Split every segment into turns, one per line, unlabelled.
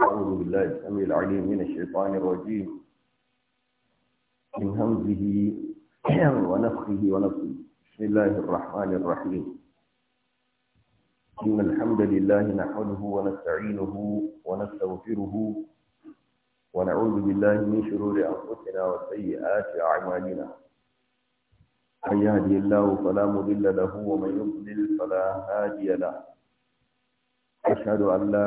أعوذ بالله السميع العليم من الشيطان الرجيم من همزه ونفخه ونفخه بسم الله الرحمن الرحيم إن الحمد لله نحمده ونستعينه ونستغفره ونعوذ بالله من شرور أنفسنا وسيئات أعمالنا من يهدي الله فلا مضل له ومن يضلل فلا هادي له أشهد أن لا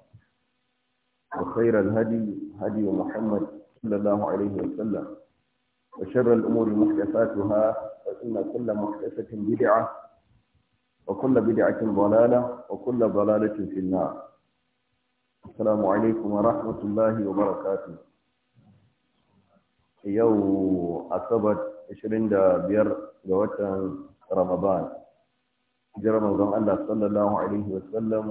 وخير الهدي هدي محمد صلى الله عليه وسلم وشر الأمور محدثاتها فإن كل محدثة بدعة وكل بدعة ضلالة وكل ضلالة في النار السلام عليكم ورحمة الله وبركاته يو أصبت 25 بير رمضان جرى رمضان الله صلى الله عليه وسلم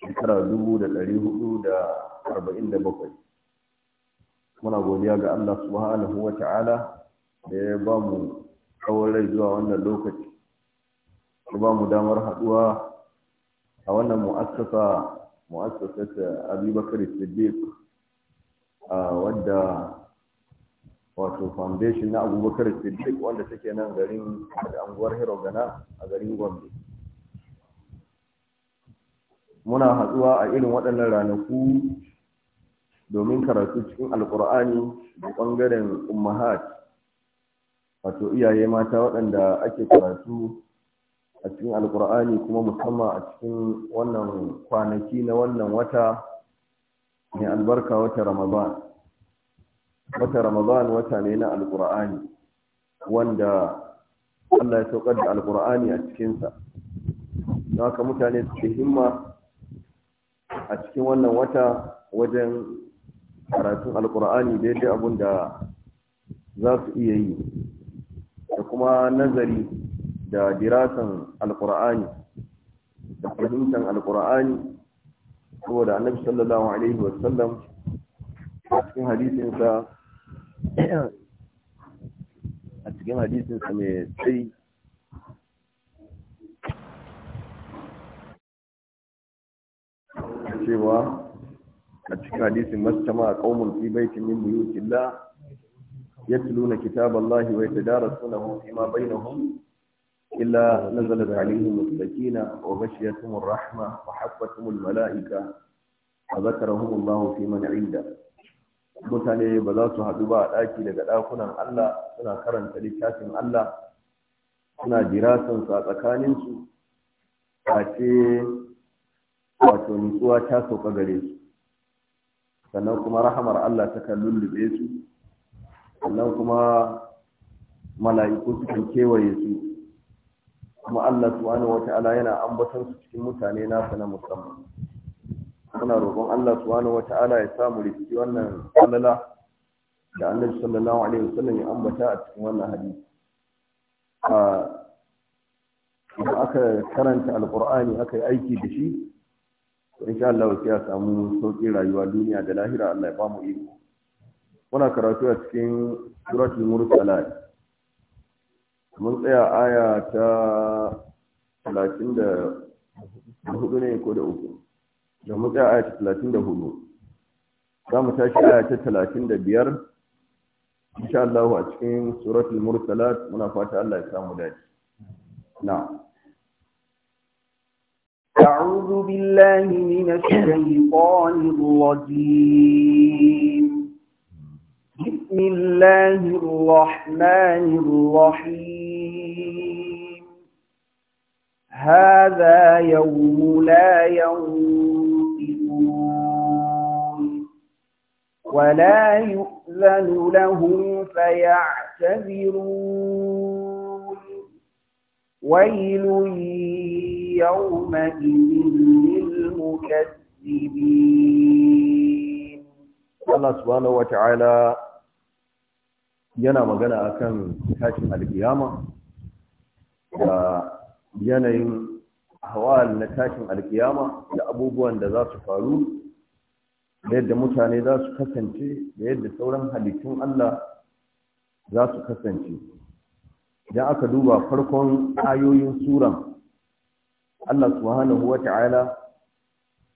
shekara dubu da ɗari hudu da arba'in da bakwai muna godiya ga Allah subhanahu wa ta'ala da ya ba mu tsawon rai zuwa wannan lokaci ya ba mu damar haɗuwa a wannan mu'assasa mu'assasa ta abubakar siddiq wadda wato foundation na abubakar siddiq wanda take nan garin da anguwar hirogana a garin gombe muna haɗuwa a irin waɗannan ranaku domin karatu cikin alkur'ani da ɓangaren ummahat wato iyaye mata waɗanda ake karatu a cikin alƙur'ani kuma musamman a cikin wannan kwanaki na wannan wata mai albarka wata ramadan wata ramadan wata ne na alƙur'ani wanda allah ya saukar da alkur'ani a cikinsa Na haka mutane suke himma a cikin wannan wata wajen karatun alkur'ani daidai abun da za su iya yi da kuma nazari da dirasan alkur'ani da fahimtar alkur'ani saboda annabi sallallahu alaihi wasallam a cikin hadisinsa a cikin hadisinsa mai tsayi cewa a cikin hadisin mastama a qaumun fi baitin min buyutillah yatluna kitaballahi wa yatadarasunahu fima bainahum illa nazalat alaihim as-sakina wa ghashiyatuhum ar-rahma wa haffatuhum al-mala'ika wa dhakarahum Allah fi man 'inda mutane ba za su haɗu ba a ɗaki daga ɗakunan Allah suna karanta littafin Allah suna jirasansa tsakaninsu a ce wato nutsuwa ta sauka gare su sannan kuma rahamar Allah ta kan lullube su sannan kuma mala'iku su kan kewaye su kuma Allah subhanahu wata'ala yana ambaton su cikin mutane nasa na musamman muna roƙon Allah subhanahu wata'ala ya samu rikici wannan alala da annabi sallallahu alaihi wasallam ya ambata a cikin wannan hadisi a ah, aka karanta alqur'ani aka yi aiki da shi insha Allah sai a samu sauƙin rayuwa duniya da lahira Allah ya ba mu iko muna karatu a cikin suratul mursalat mun tsaya aya ta 34 ne ko da uku da mun tsaya aya ta 34 za mu tashi aya ta 35 insha Allah a cikin suratul mursalat muna fata Allah ya samu dace na'am
أعوذ بالله من الشيطان الرجيم بسم الله الرحمن الرحيم هذا يوم لا ينطقون ولا يؤذن لهم فيعتذرون ويل يومئذ للمكذبين
الله سبحانه وتعالى yana magana akan tashin alkiyama da yanayin hawal na tashin alƙiyama da abubuwan da za su faru da yadda mutane za su kasance da yadda sauran halittun Allah za su kasance idan aka duba farkon ayoyin suran Allah subhanahu wata'ala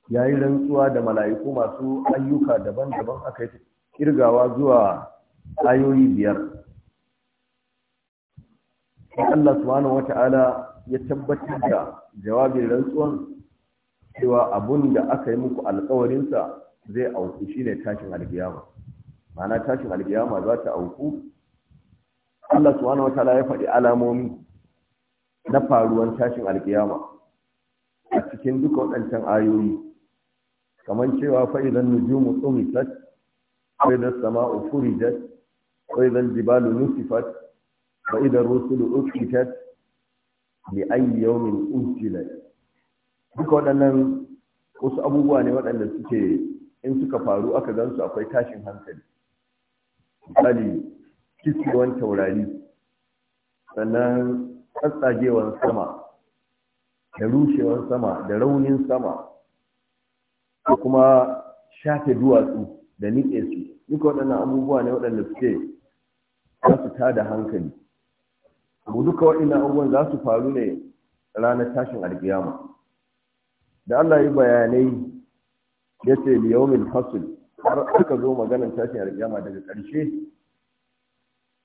ya yi rantsuwa da mala'iku masu ayyuka daban-daban aka yi kirgawa zuwa ayoyi biyar Allah subhanahu wata'ala ya tabbatar da jawabin rantsuwan cewa abun da aka yi muku alkawarinsa zai auku shine tashin alkiyama ma'ana tashin alkiyama za ta auku Allah subhanahu wataala ya faɗi alamomi na faruwan tashin alkiyama a cikin duka waɗancan ayoyi kamar cewa fa'idan nujumu tsumisat fa'idan sama'u furijat fa'idan jibalu nusifat fa'idan rusulu ukitat li ayi yawmin ujilat duka waɗannan wasu abubuwa ne waɗanda suke in suka faru aka gansu akwai tashin hankali misali kiskewan taurari sannan tsatsagewan sama da rushewar sama da raunin sama da kuma shafe duwatsu da nitse su duka waɗannan abubuwa ne waɗanda suke za su tada hankali abu duka waɗannan abubuwan za su faru ne ranar tashin alkiyama da Allah yi bayanai ya ce liyaumin hasul har aka zo maganar tashin alkiyama daga ƙarshe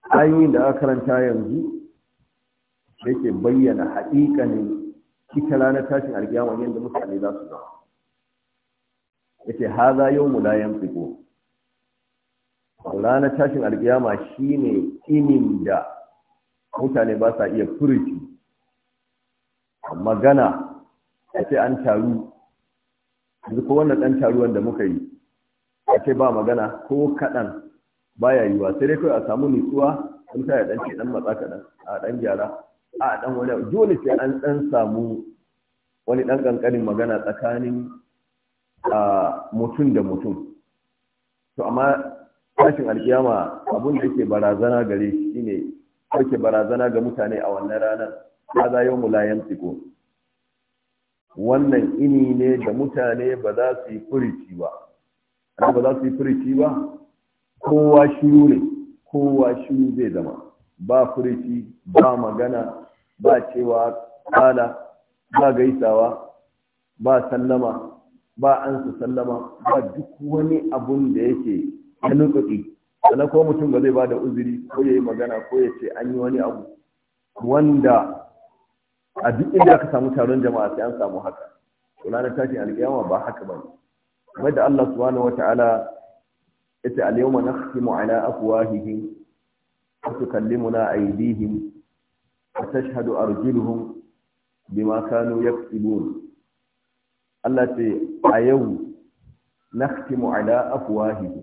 Ayoyin da aka karanta yanzu yake bayyana haƙiƙanin ita ranar tashin alkiyama yadda mutane za su zama yace haza da la yanfiqu ranar tashin alkiyama shine inin da mutane ba sa iya furuci magana yace an taru yanzu ko wannan dan taruwan da muka yi yace ba magana ko kadan baya yiwa sai dai kawai a samu nutsuwa mutane ya dan ce dan matsa kaɗan a dan gyara a ɗan wani dole sai an ɗan samu wani ɗan ƙanƙanin magana tsakanin mutum da mutum to amma tashin alkiyama abin da yake barazana gare shi ne, yake barazana ga mutane a wannan ranar za yi mu layan tsiko wannan ini ne da mutane ba za su yi furici ba ana ba za su yi furici ba kowa shiru ne kowa shiru zai zama ba furici ba magana ba cewa kala ba gaisawa ba sallama ba an su sallama ba duk wani abun da yake ya nutsuki sannan ko mutum ba zai ba da uzuri ko ya yi magana ko ya ce an yi wani abu wanda a duk inda aka samu taron jama'a sai an samu haka kula na tashin alƙiyama ba haka ba ne kamar da Allah subhanahu wata'ala ya ce al-yawma nakhtimu ala afwahihim wa tukallimuna aydihim وتشهد أرجلهم بما كانوا يكسبون التي أيو نختم على أفواههم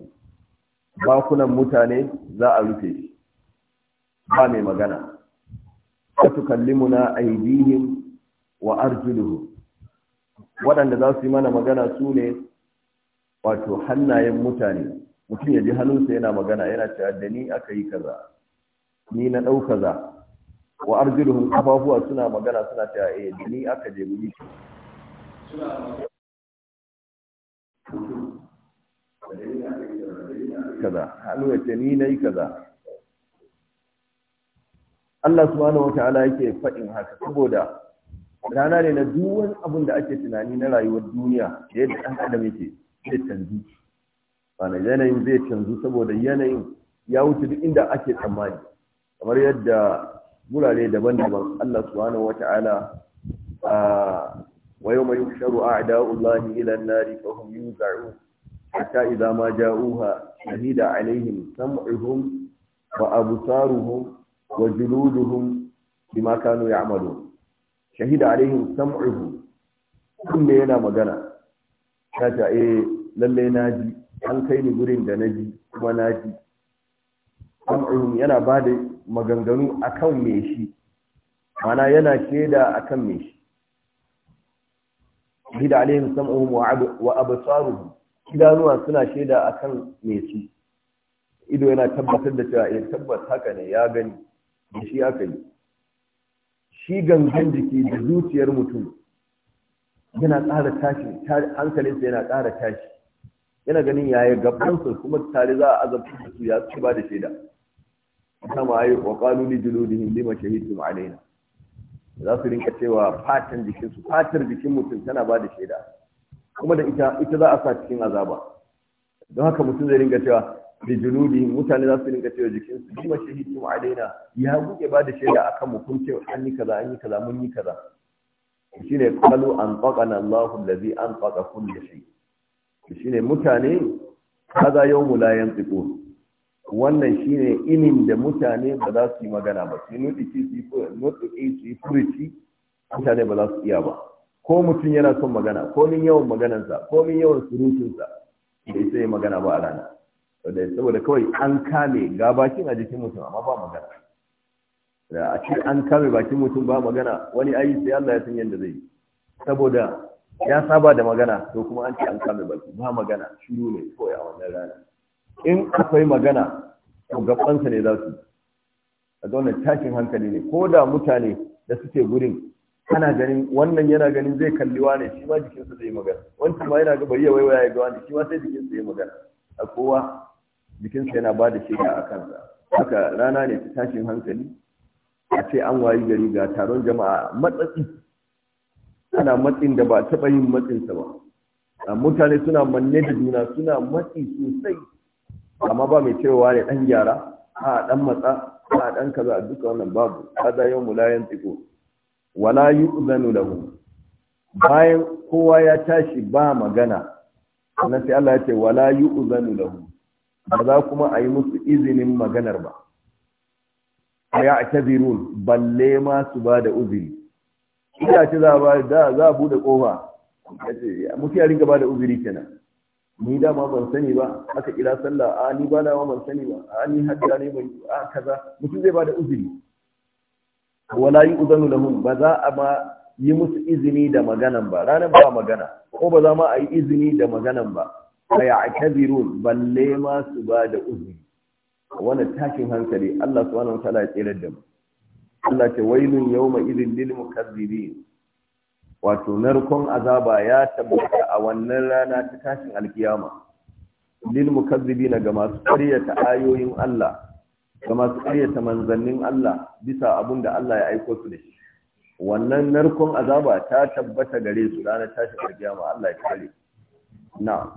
باكنا متاني ذا أرفش بامي مغانا وتكلمنا أيديهم وأرجلهم waɗanda za su yi mana magana su ne wato hannayen mutane mutum ya ji hannunsa yana magana yana cewa da ni aka yi kaza ni na ɗau kaza wa arjuluhum kafafuwa suna magana suna cewa eh ni aka je guri yi kaza halu ce ni nayi kaza Allah subhanahu wataala yake faɗin haka saboda rana ne na duk wani abin da ake tunani na rayuwar duniya da yadda ɗan adam yake zai canzu bana yanayin zai canzu saboda yanayin ya wuce duk inda ake tsammani kamar yadda gurare daban-daban Allah subhanahu wata'ala a wayo mai yushar a Allah ilan nari fahim yi zaru hatta idza ma ja'uha shahida alaihim sam'uhum wa absaruhum wa juluduhum bima kanu ya'malu shahida alaihim sam'uhum kunne yana magana ta ta eh lalle naji an kai ni gurin da naji kuma naji sam'uhum yana bada maganganu kan me shi mana yana shaida kan me shi shahida alaihim sam'uhum wa absaruhum idanuwa suna shaida kan me su ido yana tabbatar da cewa eh tabbas haka ne ya gani da shi aka yi shi gangan jiki da zuciyar mutum yana tsara tashi hankalinsa yana tsara tashi yana ganin yayi gabansa kuma tare za a azabtar da su ya ci ba da shaida kama ayi wa qalu li juludihim lima shahidtum alaina za su rinka cewa fatan jikinsu, fatar jikin mutum tana ba da shaida kuma da ita ita za a sa cikin azaba don haka mutum zai rinka cewa da juludihim mutane za su rinka cewa jikin su lima shahidtum alaina ya buke ba da shaida akan mu kun ce an yi kaza an yi kaza mun yi kaza shine qalu an taqana Allahu allazi an taqa kulli shay shine mutane kaza yawmu la yantiqun wannan shine inin da mutane ba za su yi magana ba su nutsiki su yi su yi furuci mutane ba za su iya ba ko mutum yana son magana ko min yawan maganansa ko min yawan surutunsa bai sai magana ba a rana saboda kawai an kame ga bakin a jikin mutum amma ba magana da a ce an kame bakin mutum ba magana wani ayi sai Allah ya san yadda zai saboda ya saba da magana to kuma an ce an kame baki ba magana shiru ne kawai a wannan rana in akwai magana to gabansa ne za su a ga wannan tashin hankali ne ko da mutane da suke gurin ana ganin wannan yana ganin zai kalli wane shi ma jikinsa zai yi magana wancan ma yana ga bari ya waiwaya ya ga wani shi ma sai jikinsa ya magana a kowa jikinsa yana ba da shaida a kansa haka rana ne ta tashin hankali a ce an wayi gari ga taron jama'a matsatsi ana matsin da ba taɓa yin matsinsa ba mutane suna manne da juna suna matsi sosai amma ba mai cewa ne ɗan gyara a dan matsa a dan kaza duka wannan babu hada yau la yantiqu wala yu'zanu lahum bayan kowa ya tashi ba magana sannan sai Allah ya ce wala yu'zanu lahum ba za kuma a yi musu izinin maganar ba ya tazirun balle ma su ba da uzuri ita ce za a ba da za a bude kofa muke ringa ba da uzuri kenan ni dama ban sani ba aka kira sallah a ni ba dama ban sani ba a ni hajjira ne mai a kaza mutum zai bada uzuri wala yi uzanu lahum ba za a ma yi musu izini da magana ba ranar ba magana ko ba za ma a yi izini da maganan ba a ya akabirun balle ma su ba da uzuri wannan tashin hankali Allah subhanahu wa ta'ala ya tsere da mu Allah ce wailun yawma idin lil mukazzibin wato narkon azaba ya tabbata a wannan rana ta tashin alkiyama lil mukazzibina ga masu ƙaryata ayoyin Allah ga masu ƙaryata manzannin Allah bisa abun da Allah ya aiko su da shi wannan narkon azaba ta tabbata gare su ranar tashin alkiyama Allah ya kare na'am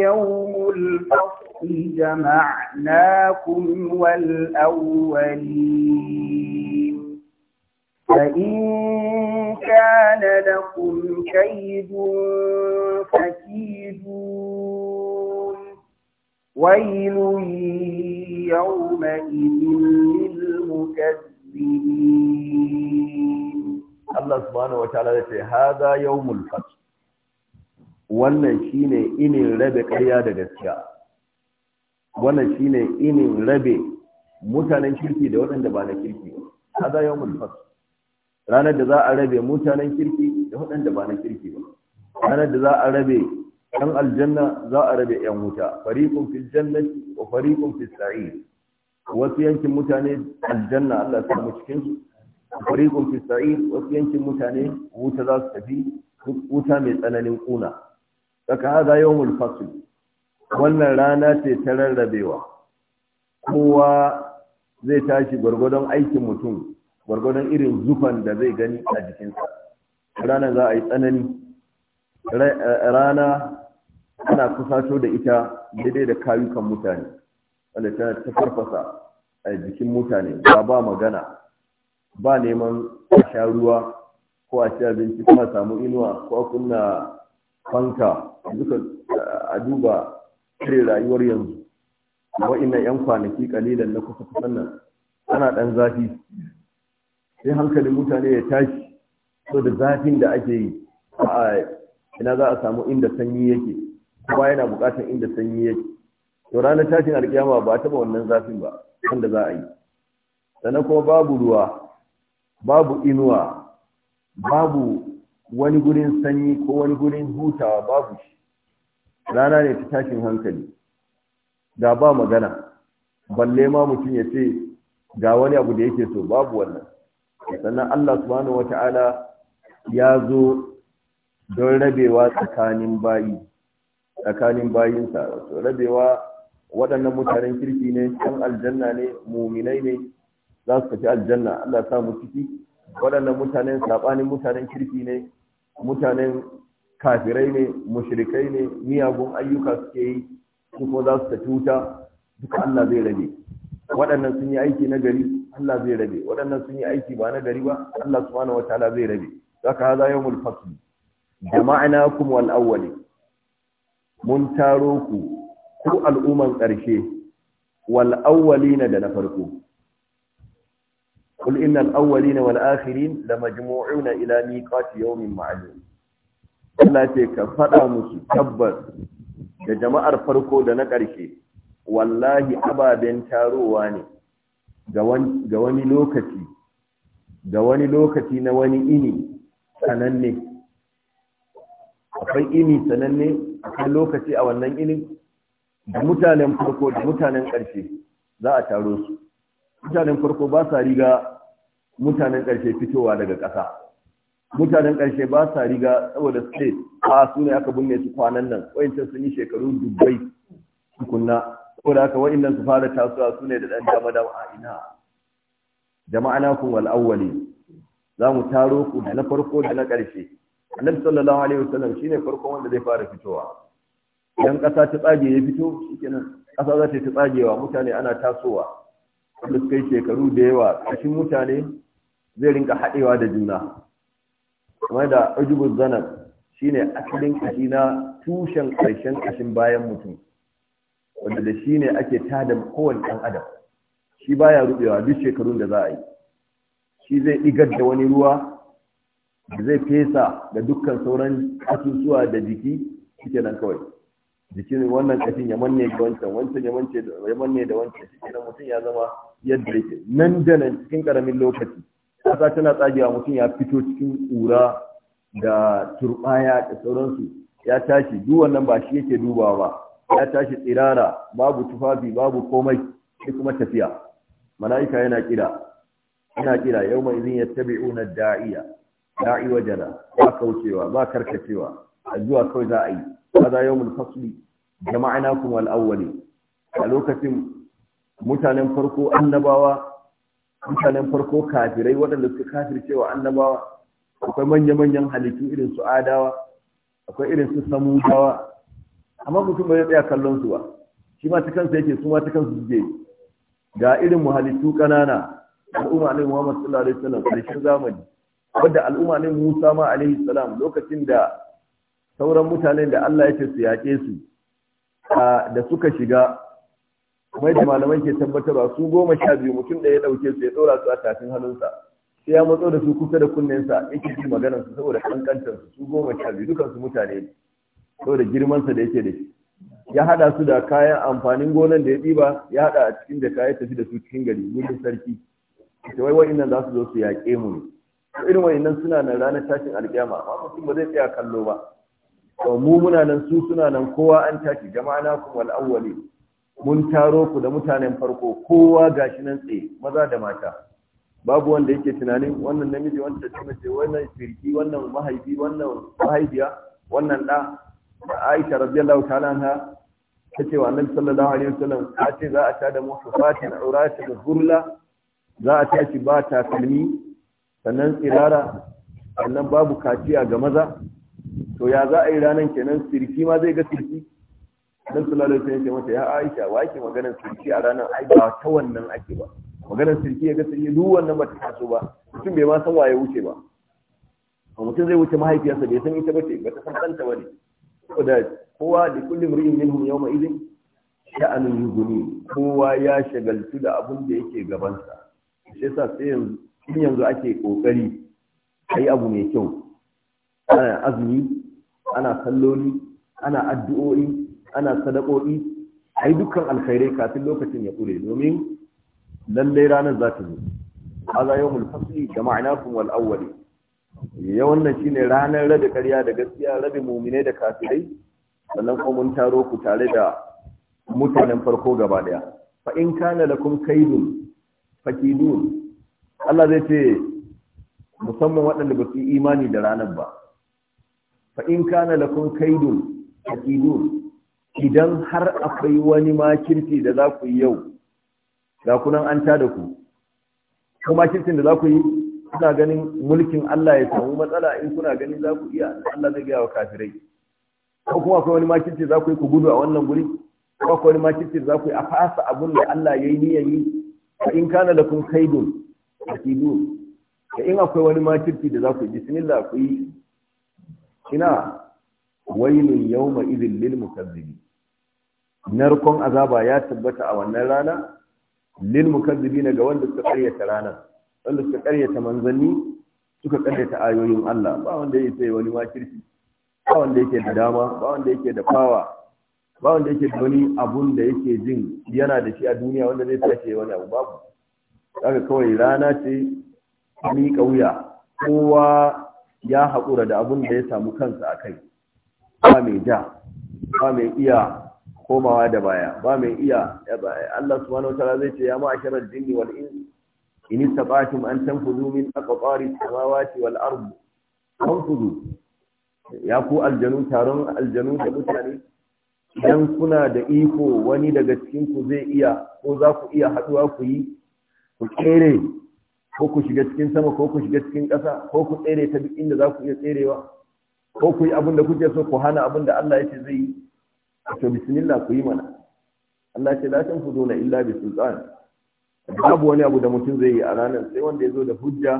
yawmul fasl jama'nakum wal awwalin فإن كان لكم كيد فكيدون ويل
يومئذ للمكذبين الله سبحانه وتعالى هذا يوم الفتح wannan shine inin rabe ƙarya da gaskiya wannan shine inin rabe mutanen kirki da waɗanda ba na kirki ba hada yawmul fatih ranar da za a rabe mutanen kirki da waɗanda ba na kirki ba ranar da za a rabe ɗan aljanna za a rabe ‘yan wuta farikun fil jannati wa farikun fil sa'ir wasu yankin mutane aljanna Allah ya samu cikin su fariƙun fil sa'ir wasu yankin mutane wuta za su tafi wuta mai tsananin kuna saka hada yawmul fasl wannan rana ce ta rarrabewa kowa zai tashi gwargwadon aikin mutum gwargwadon irin zufan da zai gani a jikinsa rana za a yi tsanani eh, rana ana kusato da ita daidai da kayukan mutane wanda tana ta farfasa a jikin mutane ba ba magana ba neman sha ruwa ko a ci abinci kuma samu inuwa ko a kunna fanka duka eh, a duba kare rayuwar yanzu wa'innan 'yan kwanaki kalilan na kusa kusan nan ana ɗan zafi sai hankalin mutane ya tashi so da zafin da ake yi a ina za a samu inda sanyi yake kuma yana buƙatar inda sanyi yake to ranar tashin alkiyama ba a taɓa wannan zafin ba wanda za a yi sannan kuma babu ruwa babu inuwa babu wani gurin sanyi ko wani gurin hutawa babu shi rana ne ta tashin hankali da ba magana balle ma mutum ya ce ga wani abu da yake so babu wannan sannan Allah subhanahu wata'ala ya zo don rabewa tsakanin bayi tsakanin bayinsa wato rabewa waɗannan mutanen kirki ne kan aljanna ne muminai ne za su tafi aljanna Allah sa mu ciki waɗannan mutanen saɓanin mutanen kirki ne mutanen kafirai ne mushrikai ne miyagun ayyuka suke yi su kuma za su tafi wuta duka Allah zai rabe waɗannan sun yi aiki na gari Allah zai rabe waɗannan sun yi aiki ba na gari ba Allah subhanahu wataala zai rabe zaka hada yawmul fasl jama'nakum kuma wal'awwali. mun taro ku ku al'umman ƙarshe Wal'awwali na da na farko na قل إن الأولين والآخرين لمجموعون إلى ميقات يوم معلوم Allah ce ka faɗa musu tabbas da jama'ar farko da na ƙarshe wallahi ababen tarowa ne ga wani lokaci ga wani lokaci na wani ini sananne akwai ini sananne akwai lokaci a wannan inin da mutanen farko da mutanen ƙarshe za a taro su mutanen farko ba sa riga mutanen ƙarshe fitowa daga ƙasa mutanen ƙarshe ba sa riga saboda state a su ne aka binne su kwanan nan wayancan sun yi shekaru dubbai tukunna ko da haka wa'annan su fara tasowa su ne da ɗan dama dama a ina jama'ana kun wal'awwali za mu taro ku da na farko da na ƙarshe annabi sallallahu alaihi wasallam shine farkon wanda zai fara fitowa idan ƙasa ta tsage ya fito shikenan ƙasa za ta ta tsagewa mutane ana tasowa wanda suka yi shekaru da yawa ƙarshen mutane zai rinka haɗewa da juna kuma da ujubu zanab shine asalin kashi na tushen ƙarshen ƙashin bayan mutum wanda da shi ne ake tada kowane ɗan adam shi baya rubewa duk shekarun da za a yi shi zai ɗigar da wani ruwa da zai fesa da dukkan sauran asusuwa da jiki suke nan kawai jikin wannan kashin ya manne da wancan wancan ya manne da wancan shi kenan mutum ya zama yadda yake nan da nan cikin karamin lokaci kasa tana tsagewa mutum ya fito cikin ƙura da turbaya da sauransu ya tashi duk wannan ba shi yake dubawa ba ya tashi tsirara babu tufafi babu komai shi kuma tafiya mala'ika yana kira yana kira yau mai izin ya tabi'una da'iya da'i wajala ba kaucewa ba karkacewa A zuwa kawai za a yi yau mun fasli jama'nakum wal awwali a lokacin mutanen farko annabawa mutanen farko kafirai waɗanda suka kafircewa annabawa akwai manya-manyan halittu irin su adawa akwai irin su samudawa amma mutum bai tsaya kallon su ba shi ma ta kansa yake su ma ta kansu suke yi ga irin muhalittu kanana al'umma alaihi Muhammad sallallahu alaihi wasallam karshen zamani wanda al'umma alaihi Musa ma alaihi salam lokacin da sauran mutanen da Allah ya ce su yake su da suka shiga kuma yadda malamai ke tabbatarwa su goma sha biyu mutum da ya dauke su ya dora su a tafin hannunsa sai ya matso da su kusa da kunnensa yake ji maganar su saboda kankantar su goma sha biyu dukansu mutane ne saboda girmansa da yake da shi ya hada su da kayan amfanin gonan da ya ɗiba ya hada a cikin da kayan tafi da su cikin gari wurin sarki ta wai wa'innan za su zo su yaƙe mu ne irin nan suna nan ranar tashin alƙiyama amma mutum ba zai tsaya kallo ba to mu muna nan su suna nan kowa an tashi jama'ana kuma al'awwali mun taro ku da mutanen farko kowa gashi nan tsaye maza da mata babu wanda yake tunanin wannan namiji wannan mace wannan sirki wannan mahaifi wannan mahaifiya wannan ɗa Aisha radiyallahu ta'ala anha tace wa Annabi sallallahu alaihi wasallam A ce za a ta da fatin aurati da gurla. za a tashi ba takalmi sannan tsirara sannan babu kaciya ga maza to ya za a yi ranan kenan sirki ma zai ga sirki dan sallallahu alaihi wasallam ce mata ya Aisha wa ake magana sirki a ranar ai ba ta wannan ake ba maganar sirki ya ga sirki duk wannan ba ta taso ba mutum bai ma san waye wuce ba mutum zai wuce mahaifiyarsa bai san ita ce ba ta san ɗanta ba ne saboda kowa da kullum ri'in minhum sha'anin yuguni kowa ya shagaltu da abun da yake gabansa sai sa sai yanzu in yanzu ake kokari ayi abu mai kyau ana azumi ana salloli ana addu'o'i ana sadakoki ayi dukkan alkhairai kafin lokacin ya kure domin lallai ranar za ta zo هذا يوم الفصل جمعناكم والأولين ya wannan shine ranar rabe ƙarya da gaskiya rabe muminai da kafirai sannan kuma mun taro ku tare da mutanen farko gaba daya fa in kana lakum kaidun fakidun Allah zai ce musamman waɗanda ba su yi imani da ranar ba fa in kana lakum kaidun fakidun idan har akwai wani makirci da za ku yi yau ga kunan an da ku kuma makircin da za ku yi kuna ganin mulkin Allah ya samu matsala in kuna ganin za ku iya Allah zai gaya wa kafirai ko kuma akwai wani makirci za ku yi ku gudu a wannan guri ko akwai wani makirci za ku yi a fasa abun da Allah ya yi niyan yi ka in kana lakum a akidu da in akwai wani makirci da za ku yi bismillah ku yi ina wailun yawma idhil lil mukazzibin narkon azaba ya tabbata a wannan rana lil mukazzibina ga wanda suka karyata ranar wanda suka karyata manzanni suka karyata ayoyin Allah ba wanda yake sai wani makirci ba wanda yake da dama ba wanda yake da fawa ba wanda yake da wani abun da yake jin yana da shi a duniya wanda zai tashi wani abu babu kaga kawai rana ce mi kauya kowa ya haƙura da abun da ya samu kansa a kai ba mai ja ba mai iya komawa da baya ba mai iya ya baya Allah subhanahu wataala zai ce ya ma'asharal jinni wal insi in istata'tum an tanfudu min aqtari samawati wal ard tanfudu ya ku aljanu taron aljanu da mutane idan kuna da iko wani daga cikin ku zai iya ko za ku iya haduwa ku yi ku tsere ko ku shiga cikin sama ko ku shiga cikin ƙasa ko ku tsere ta duk inda za ku iya tserewa ko ku yi abin da kuke so ku hana abin da Allah ya ce zai yi to bismillah ku yi mana Allah ce la tanfuduna illa bi sultan babu wani abu da mutum zai yi a ranar sai wanda ya zo da hujja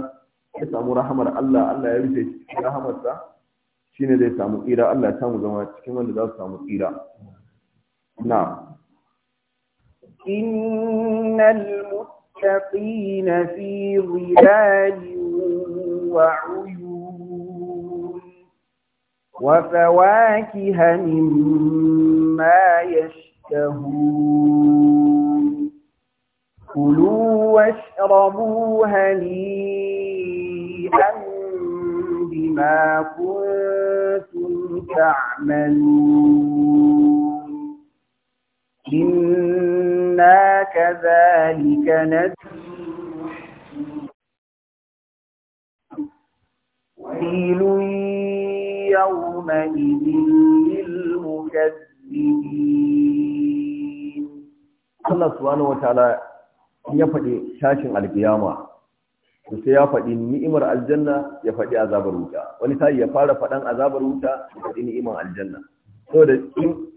ya samu rahamar Allah Allah ya rufe cikin rahamarsa shine zai samu tsira Allah ya samu zama cikin wanda za su samu tsira na
innal muttaqina fi dhilalin وعيون وفواكه مما يشتهون كلوا واشربوا هنيئا بما كنتم تعملون إنا كذلك نجزي ويل يومئذ
للمكذبين الله سبحانه وتعالى ya faɗi tashin alkiyama to sai ya faɗi ni'imar aljanna ya faɗi azabar wuta wani sai ya fara faɗan azabar wuta ya faɗi ni'imar aljanna saboda in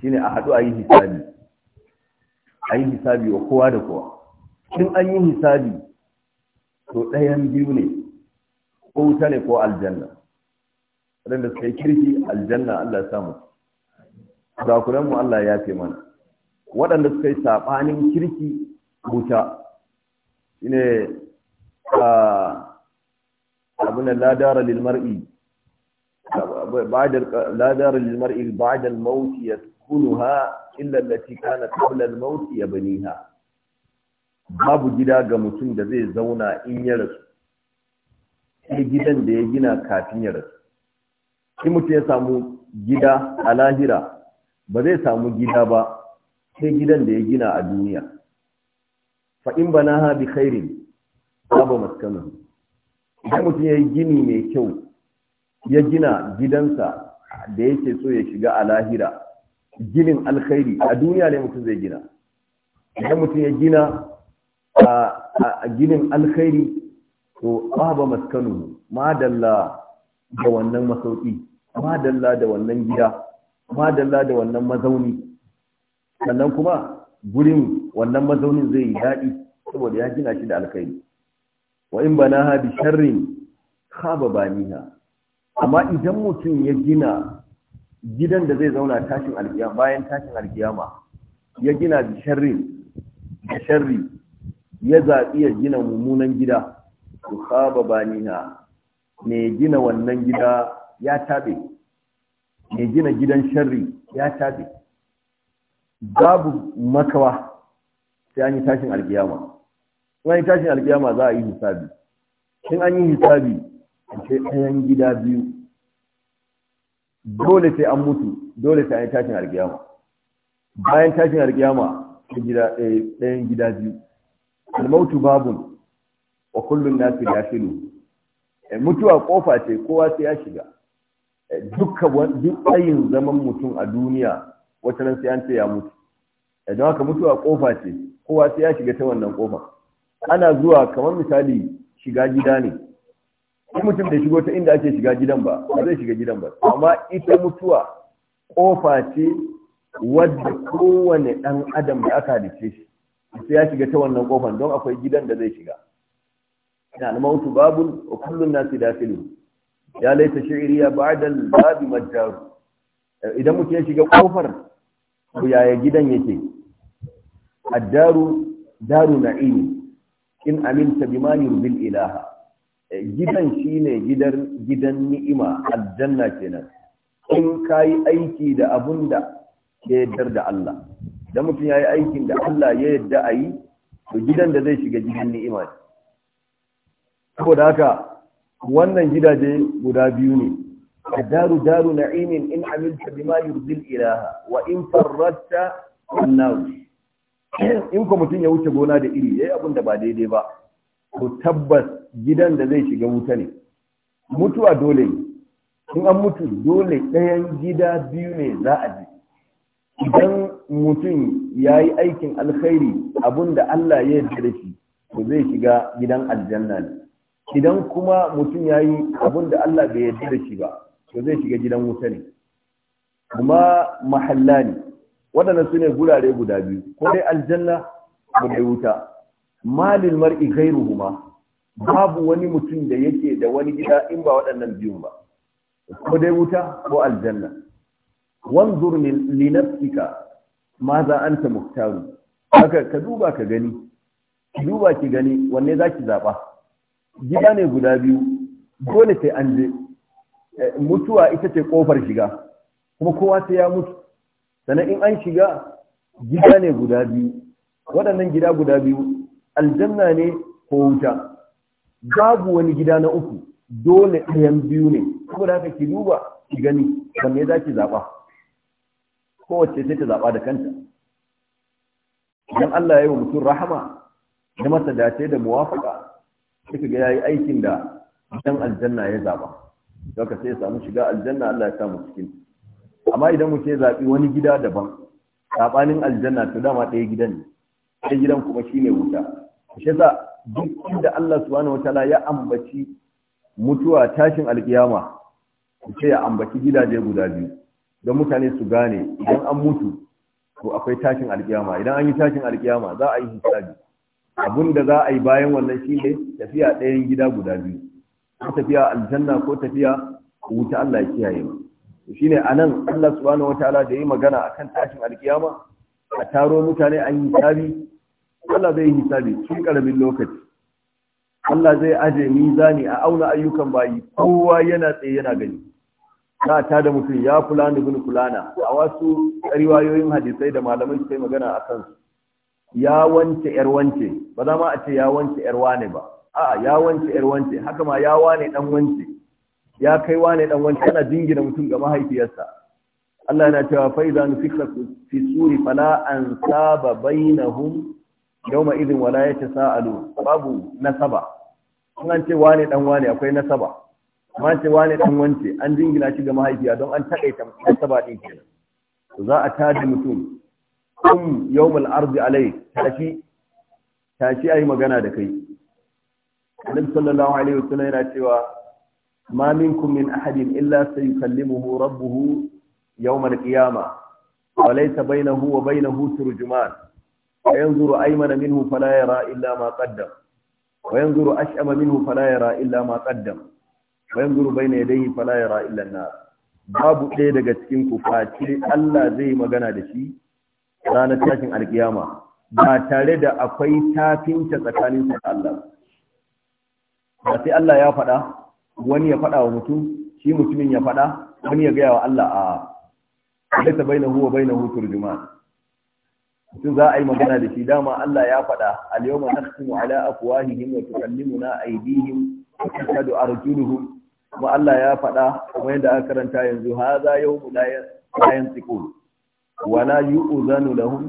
shine a haɗu a yi hisabi a yi hisabi wa kowa da kowa in an yi hisabi to ɗayan biyu ne ko wuta ne ko aljanna waɗanda suka yi kirki aljanna Allah ya samu zakuran mu Allah ya ce mana waɗanda suka yi saɓanin kirki wuta shine abin da ladara lil mar'i بعد لا دار للمرء بعد الموت يسكنها إلا kana كانت قبل bani ha? babu gida ga mutum da zai zauna in ya rasu sai gidan da ya gina kafin ya rasu in mutum ya samu gida a lahira ba zai samu gida ba sai gidan da ya gina a duniya fa in banaha bi khairin abu maskanu idan mutum ya yi gini mai kyau ya gina gidansa da yake so ya shiga a lahira ginin alkhairi a duniya ne mutum zai gina idan mutum ya gina a ginin alkhairi to babu maskanu madalla ga wannan masauki madalla da wannan gida madalla da wannan mazauni sannan kuma gurin wannan mazaunin zai yi daɗi saboda ya gina shi da alkhairi wa in bana ha bi sharrin khaba baniha amma idan mutum ya gina gidan da zai zauna tashin alkiyama bayan tashin alkiyama ya gina bi sharrin da sharri ya zaɓi ya gina mummunan gida to khaba baniha me gina wannan gida ya tabe mai gina gidan sharri ya tabe babu makawa sai an yi tashin alkiyama an yi tashin alkiyama za a yi hisabi in an yi hisabi a ce ɗayan gida biyu dole sai an mutu dole sai an yi tashin alkiyama bayan tashin alkiyama eh, ɗayan gida biyu almautu babun wa kullum na nasu ya eh, shiru mutuwa kofa ce kowa sai ya shiga duka duk tsayin zaman mutum a duniya wata nan sai an ce ya mutu Idan eh, haka mutuwa kofa ce kowa sai ya shiga ta wannan kofa ana zuwa kamar misali shiga gida ne in mutum da shigo ta inda ake shiga gidan ba ba zai shiga gidan ba amma ita mutuwa kofa ce wadda kowane ɗan adam da aka halice shi sai ya shiga ta wannan kofan don akwai gidan da zai shiga ina al-mautu babu, wa kullun nasi ya laita shi'iri ya ba da babi majaru idan mutum ya shiga kofar to yaya gidan yake addaru daru na'im in aminta bima yurbil ilaha eh, gidan shine gidan gidan ni'ima aljanna kenan in kayi aiki da abunda da yaddar da Allah da mutum yayi aikin da Allah ya yadda ayi, to gidan da zai shiga gidan ni'ima saboda haka wannan gidaje guda biyu ne daru daru na'imin in amilta bima yurzil ilaha wa in farratta annar in ko mutum ya wuce gona da iri yayi abin da ba daidai ba to tabbas gidan da zai shiga wuta ne mutuwa dole ne in an mutu dole ɗayan gida biyu ne za a ji idan mutum ya yi aikin alkhairi abin da Allah ya yarda da shi to zai shiga gidan aljanna ne idan kuma mutum ya yi abin da Allah bai yarda da shi ba to zai shiga gidan wuta ne kuma mahalla ne waɗannan su ne gurare guda biyu ko dai aljanna ko dai wuta malin mar'i ghairuhuma babu wani mutum da yake da wani gida in ba waɗannan biyun ba ko dai wuta ko aljanna wanzur li nafsika maza anta muhtaru haka ka duba ka gani ki duba ki gani wanne za ki zaɓa? gida ne guda biyu dole sai an je eh, mutuwa ita ce kofar shiga kuma kowa sai ya mutu sannan in an shiga gida ne guda biyu waɗannan gida guda biyu aljanna ne ko wuta babu wani gida na uku dole ɗayan biyu ne saboda haka ki duba ki gani wanne za ki zaɓa kowace sai ta zaɓa da kanta idan Allah ya yi wa mutum rahama na masa dace da muwafaka ka ga yayi aikin da dan aljanna ya zaba ka sai ya samu shiga aljanna Allah ya samu cikin amma idan mu ce zabi wani gida daban sabanin aljanna to dama ɗaya gidan ne ɗaya gidan kuma shine wuta shi yasa duk inda Allah subhanahu wataala ya ambaci mutuwa tashin alkiyama sai ya ambaci gidaje guda biyu don mutane su gane idan an mutu to akwai tashin alkiyama idan an yi tashin alkiyama za a yi hisabi abun da za a yi bayan wannan shi ne tafiya ɗayan gida guda biyu ko tafiya aljanna ko tafiya wuta Allah ya kiyaye mu shine anan Allah subhanahu wataala da yi magana akan tashin alkiyama a taro mutane an yi hisabi Allah zai yi hisabi cikin karamin lokaci Allah zai aje mizani a auna ayyukan bayi kowa yana tsaye yana gani za ta da mutum ya fulani bin fulana a wasu riwayoyin hadisai da malamai suka magana a kansu ya wance yar wance ba za ma a ce ya wance yar wane ba a'a ya wance yar wance haka ma ya wane dan wance ya kai wane dan wance yana jingina mutum ga mahaifiyarsa Allah yana cewa fa idza nufikha fi suri fala saba bainahum yawma izin wala yatasaalu babu nasaba an an ce wane dan wane akwai nasaba amma ce wane dan wance an jingina shi ga mahaifiya don an takaita nasaba din kenan za a tada mutum kum yawmal ardi alai tashi tashi ayi magana da kai annabi sallallahu alaihi wa wasallam yana cewa ma minkum min ahadin illa sayukallimuhu rabbuhu yawmal hu wa laysa bainahu wa bainahu turjuman وينظر أيمن منه فلا يرى إلا ما قدم وينظر أشأم منه فلا يرى إلا ما قدم وينظر بين يديه فلا yara illa النار babu ɗaya daga cikin ku face Allah zai magana da shi ranar tashin alkiyama ba tare da akwai tafinta tsakanin su da Allah ba sai Allah ya faɗa wani ya faɗa wa mutum shi mutumin ya faɗa wani ya gaya wa Allah a laisa bai na bainahu turjuman mutum za a yi magana da shi dama Allah ya faɗa al-yawma nakhtimu ala afwahihim wa tukallimuna aydihim wa tashhadu arjuluhum kuma Allah ya faɗa kuma yadda aka karanta yanzu hadha yawmu la yantiqun wala yu'zanu lahum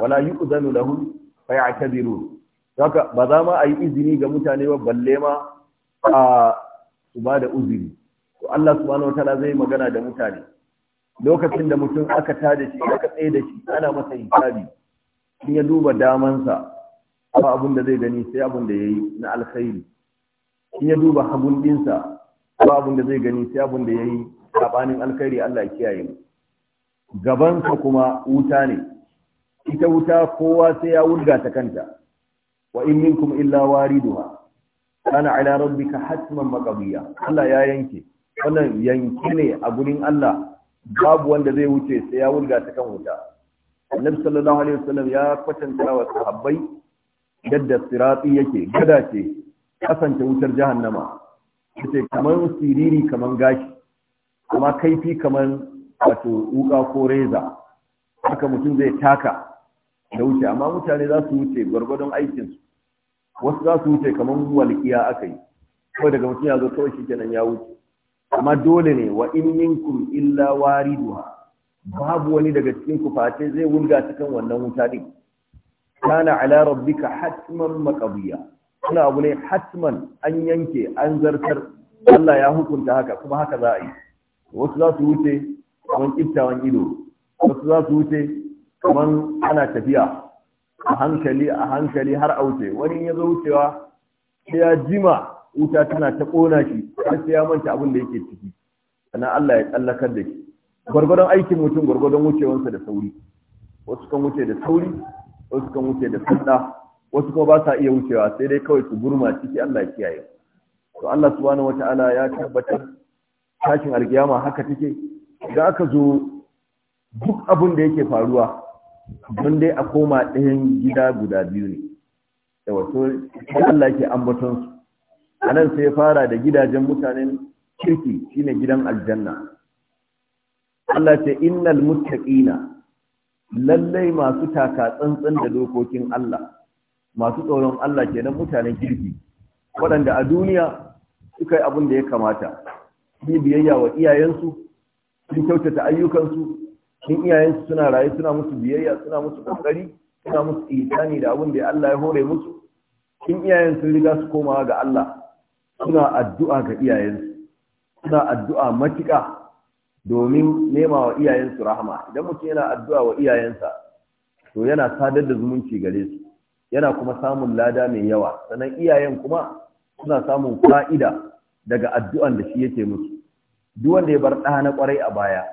wala yu'zanu lahum fa ya'tabiru haka ba za ma a yi izini ga mutane ba balle ma a su ba da uzuri to Allah subhanahu wataala zai magana da mutane lokacin da mutum aka tada shi aka tsaye da shi ana masa hisabi in ya duba damansa ba abin da zai gani sai abin da yayi na alkhairi in ya duba hagun dinsa ba abin da zai gani sai abin da yayi sabanin alkhairi Allah ya kiyaye mu gabansa kuma wuta ne ita wuta kowa sai ya wurga ta kanta wa in minkum illa wariduha ana ala rabbika hatman maqdiya Allah ya yanke wannan yanke ne a gurin Allah babu wanda zai wuce sai ya wurga ta kan wuta Annabi sallallahu alaihi wasallam ya kwatanta wa sahabbai yadda sirati yake gada ce kasance wutar jahannama kace kaman siriri kaman gashi amma kaifi kaman wato wuka ko reza haka mutum zai taka da wuce amma mutane za su wuce gwargwadon aikinsu wasu za su wuce kamar walƙiya aka yi ko daga mutum ya zo kawai shi kenan ya wuce amma dole ne wa in minkum illa wariduha babu wani daga cikin ku face zai wulga cikin wannan wuta din kana ala rabbika hatman maqdiya kuna abu ne hatman an yanke an zartar Allah ya hukunta haka kuma haka za a yi wasu za su wuce kamar kiftawan ido wasu za su wuce kamar ana tafiya a hankali a hankali har a wuce wani ya zo wucewa sai ya jima wuta tana ta ƙona shi har sai ya manta abin da yake ciki sannan Allah ya tsallakar da shi gwargwadon aikin mutum gwargwadon wucewansa da sauri wasu kan wuce da sauri wasu kan wuce da sanda wasu kuma ba sa iya wucewa sai dai kawai su gurma ciki Allah ya kiyaye to Allah subhanahu wata'ala ya tabbatar tashin alkiyama haka take da aka zo duk abin da yake faruwa don dai a koma ɗayan gida guda biyu ne da wato Allah ke ambatonsu su a nan sai fara da gidajen mutanen kirki shine gidan aljanna Allah ce innal muttaqina lallai masu taka tsantsan da dokokin Allah masu tsoron Allah ke nan mutanen kirki waɗanda a duniya suka yi abin da ya kamata yi biyayya wa iyayensu sun kyautata ayyukansu sun iyayensu suna rayu, suna musu biyayya suna musu kokari suna musu ihsani da abin da Allah ya hore musu sun iyayen sun riga su komawa ga Allah suna addu'a ga iyayensu suna addu'a matuƙa domin nema wa iyayensu rahama idan mutum yana addu'a wa iyayensa to yana sadar da zumunci gare su yana kuma samun lada mai yawa sannan iyayen kuma suna samun fa'ida daga addu'an da shi yake musu duk wanda ya bar ɗa na ƙwarai a baya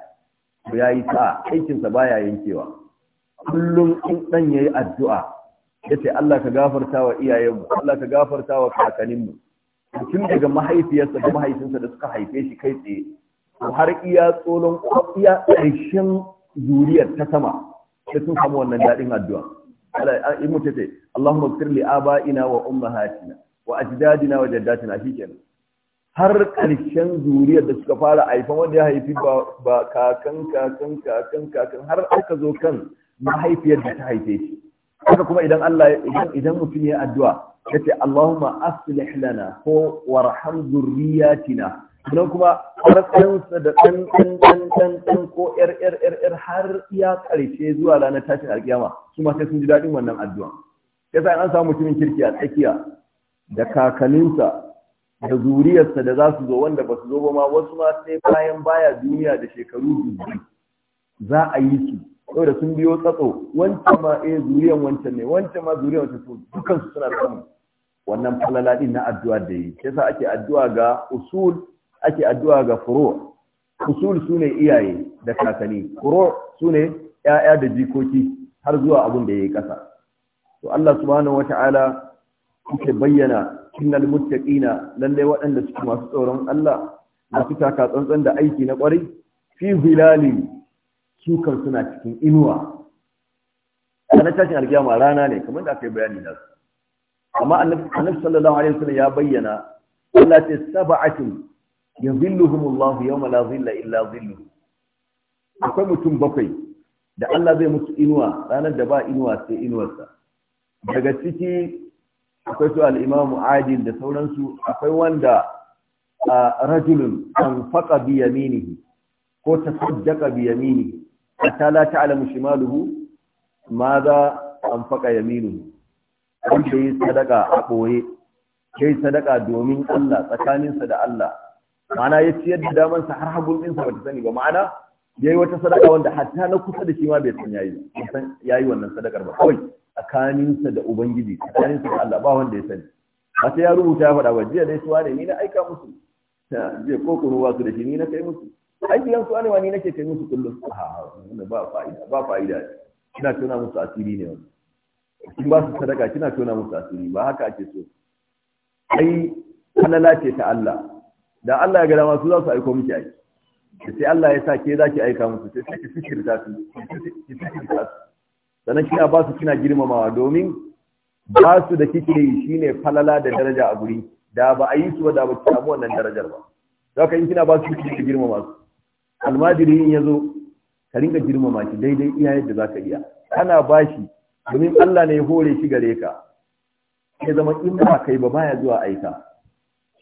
ya yi sa aikinsa ba baya yankewa kullum in ɗan ya yi addu'a ya ce Allah ka gafarta wa iyayenmu Allah ka gafarta wa kakaninmu. tun daga mahaifiyarsa da mahaifinsa da suka haife shi kai tsaye har iya tsolon iya ƙarshen zuriyar ta sama sai sun samu wannan daɗin addu'a in mutu ce Allahumma ighfir aba'ina wa ummahatina wa ajdadina wa jaddatina shikenan har ƙarshen zuriyar da suka fara haifan wanda ya haifi ba kakan kakan kakan kakan har aka zo kan mahaifiyar da ta haife shi haka kuma idan Allah idan mutum ya addu'a yace Allahumma aslih lana ko warham zurriyatina idan kuma sa da dan dan dan dan dan ko ƴar yar yar har ya ƙarshe zuwa ranar tashin alƙiyama su ma sai sun ji daɗin wannan addu'a yasa an samu mutumin kirki a tsakiya da kakaninsa da zuriyarsa da za su zo wanda ba su zo ba ma wasu ma sai bayan baya duniya da shekaru dubu za a yi su saboda sun biyo tsatso wancan ma eh zuriyan wancan ne wancan ma zuriyan wancan to dukansu suna samun wannan falala din na addu'a da yi sai sa ake addu'a ga usul ake addu'a ga furu usul sune iyaye da kakanni furu sune ya'ya da jikoki har zuwa abin da ya yi ƙasa. to Allah subhanahu wata'ala yake bayyana innal muttaqina lalle waɗanda suke masu tsoron Allah masu taka tsantsan da aiki na ƙwarai fi hilali sukan suna cikin inuwa ranar tashin alkiyama rana ne kamar da aka yi bayani da su amma annabi sallallahu alaihi wasallam ya bayyana Allah ce sab'atun yadhilluhumullahu yawma la dhilla illa dhilluhu akwai mutum bakwai da Allah zai musu inuwa ranar da ba inuwa sai inuwarsa daga ciki akwai su al'imamu adil da sauransu akwai wanda a rajulun an faƙa biyaminihi ko ta saddaka biyaminihi a tala ta'alamu shimaluhu ma za an faƙa yaminu wanda yi sadaka a ɓoye ya yi sadaka domin Allah tsakaninsa da Allah ma'ana ya ciyar da damansa har hagun ɗinsa ba ta sani ba ma'ana ya yi wata sadaka wanda hatta na kusa da shi ma bai san ya yi wannan sadakar ba kawai tsakaninsa da ubangiji tsakaninsa da Allah ba wanda ya sani ba ya rubuta ya faɗa ba jiya dai suwa ne ni na aika musu Jiya ko kunu ba su da shi ni na kai musu aiki yan suwa ne wani nake kai musu kullum ha ha, wannan ba fa'ida ba fa'ida kina tona musu asiri ne wani. kin ba su sadaka kina tona musu asiri ba haka ake so ai halala ce ta Allah da Allah ya gada masu za su aiko miki aiki sai Allah ya sa ke za ki aika musu sai ki fikirta su ki fikirta su sannan kina ba su kina girmamawa domin ba su da kike yi shine falala da daraja a guri da ba a yi su ba da ba samu wannan darajar ba za ka yi kina ba su kike girmama su almajiri in yazo zo ka rinka girmama shi daidai iya yadda za ka iya ana ba shi domin Allah ne ya hore shi gare ka ya zama in ba kai ba baya zuwa aika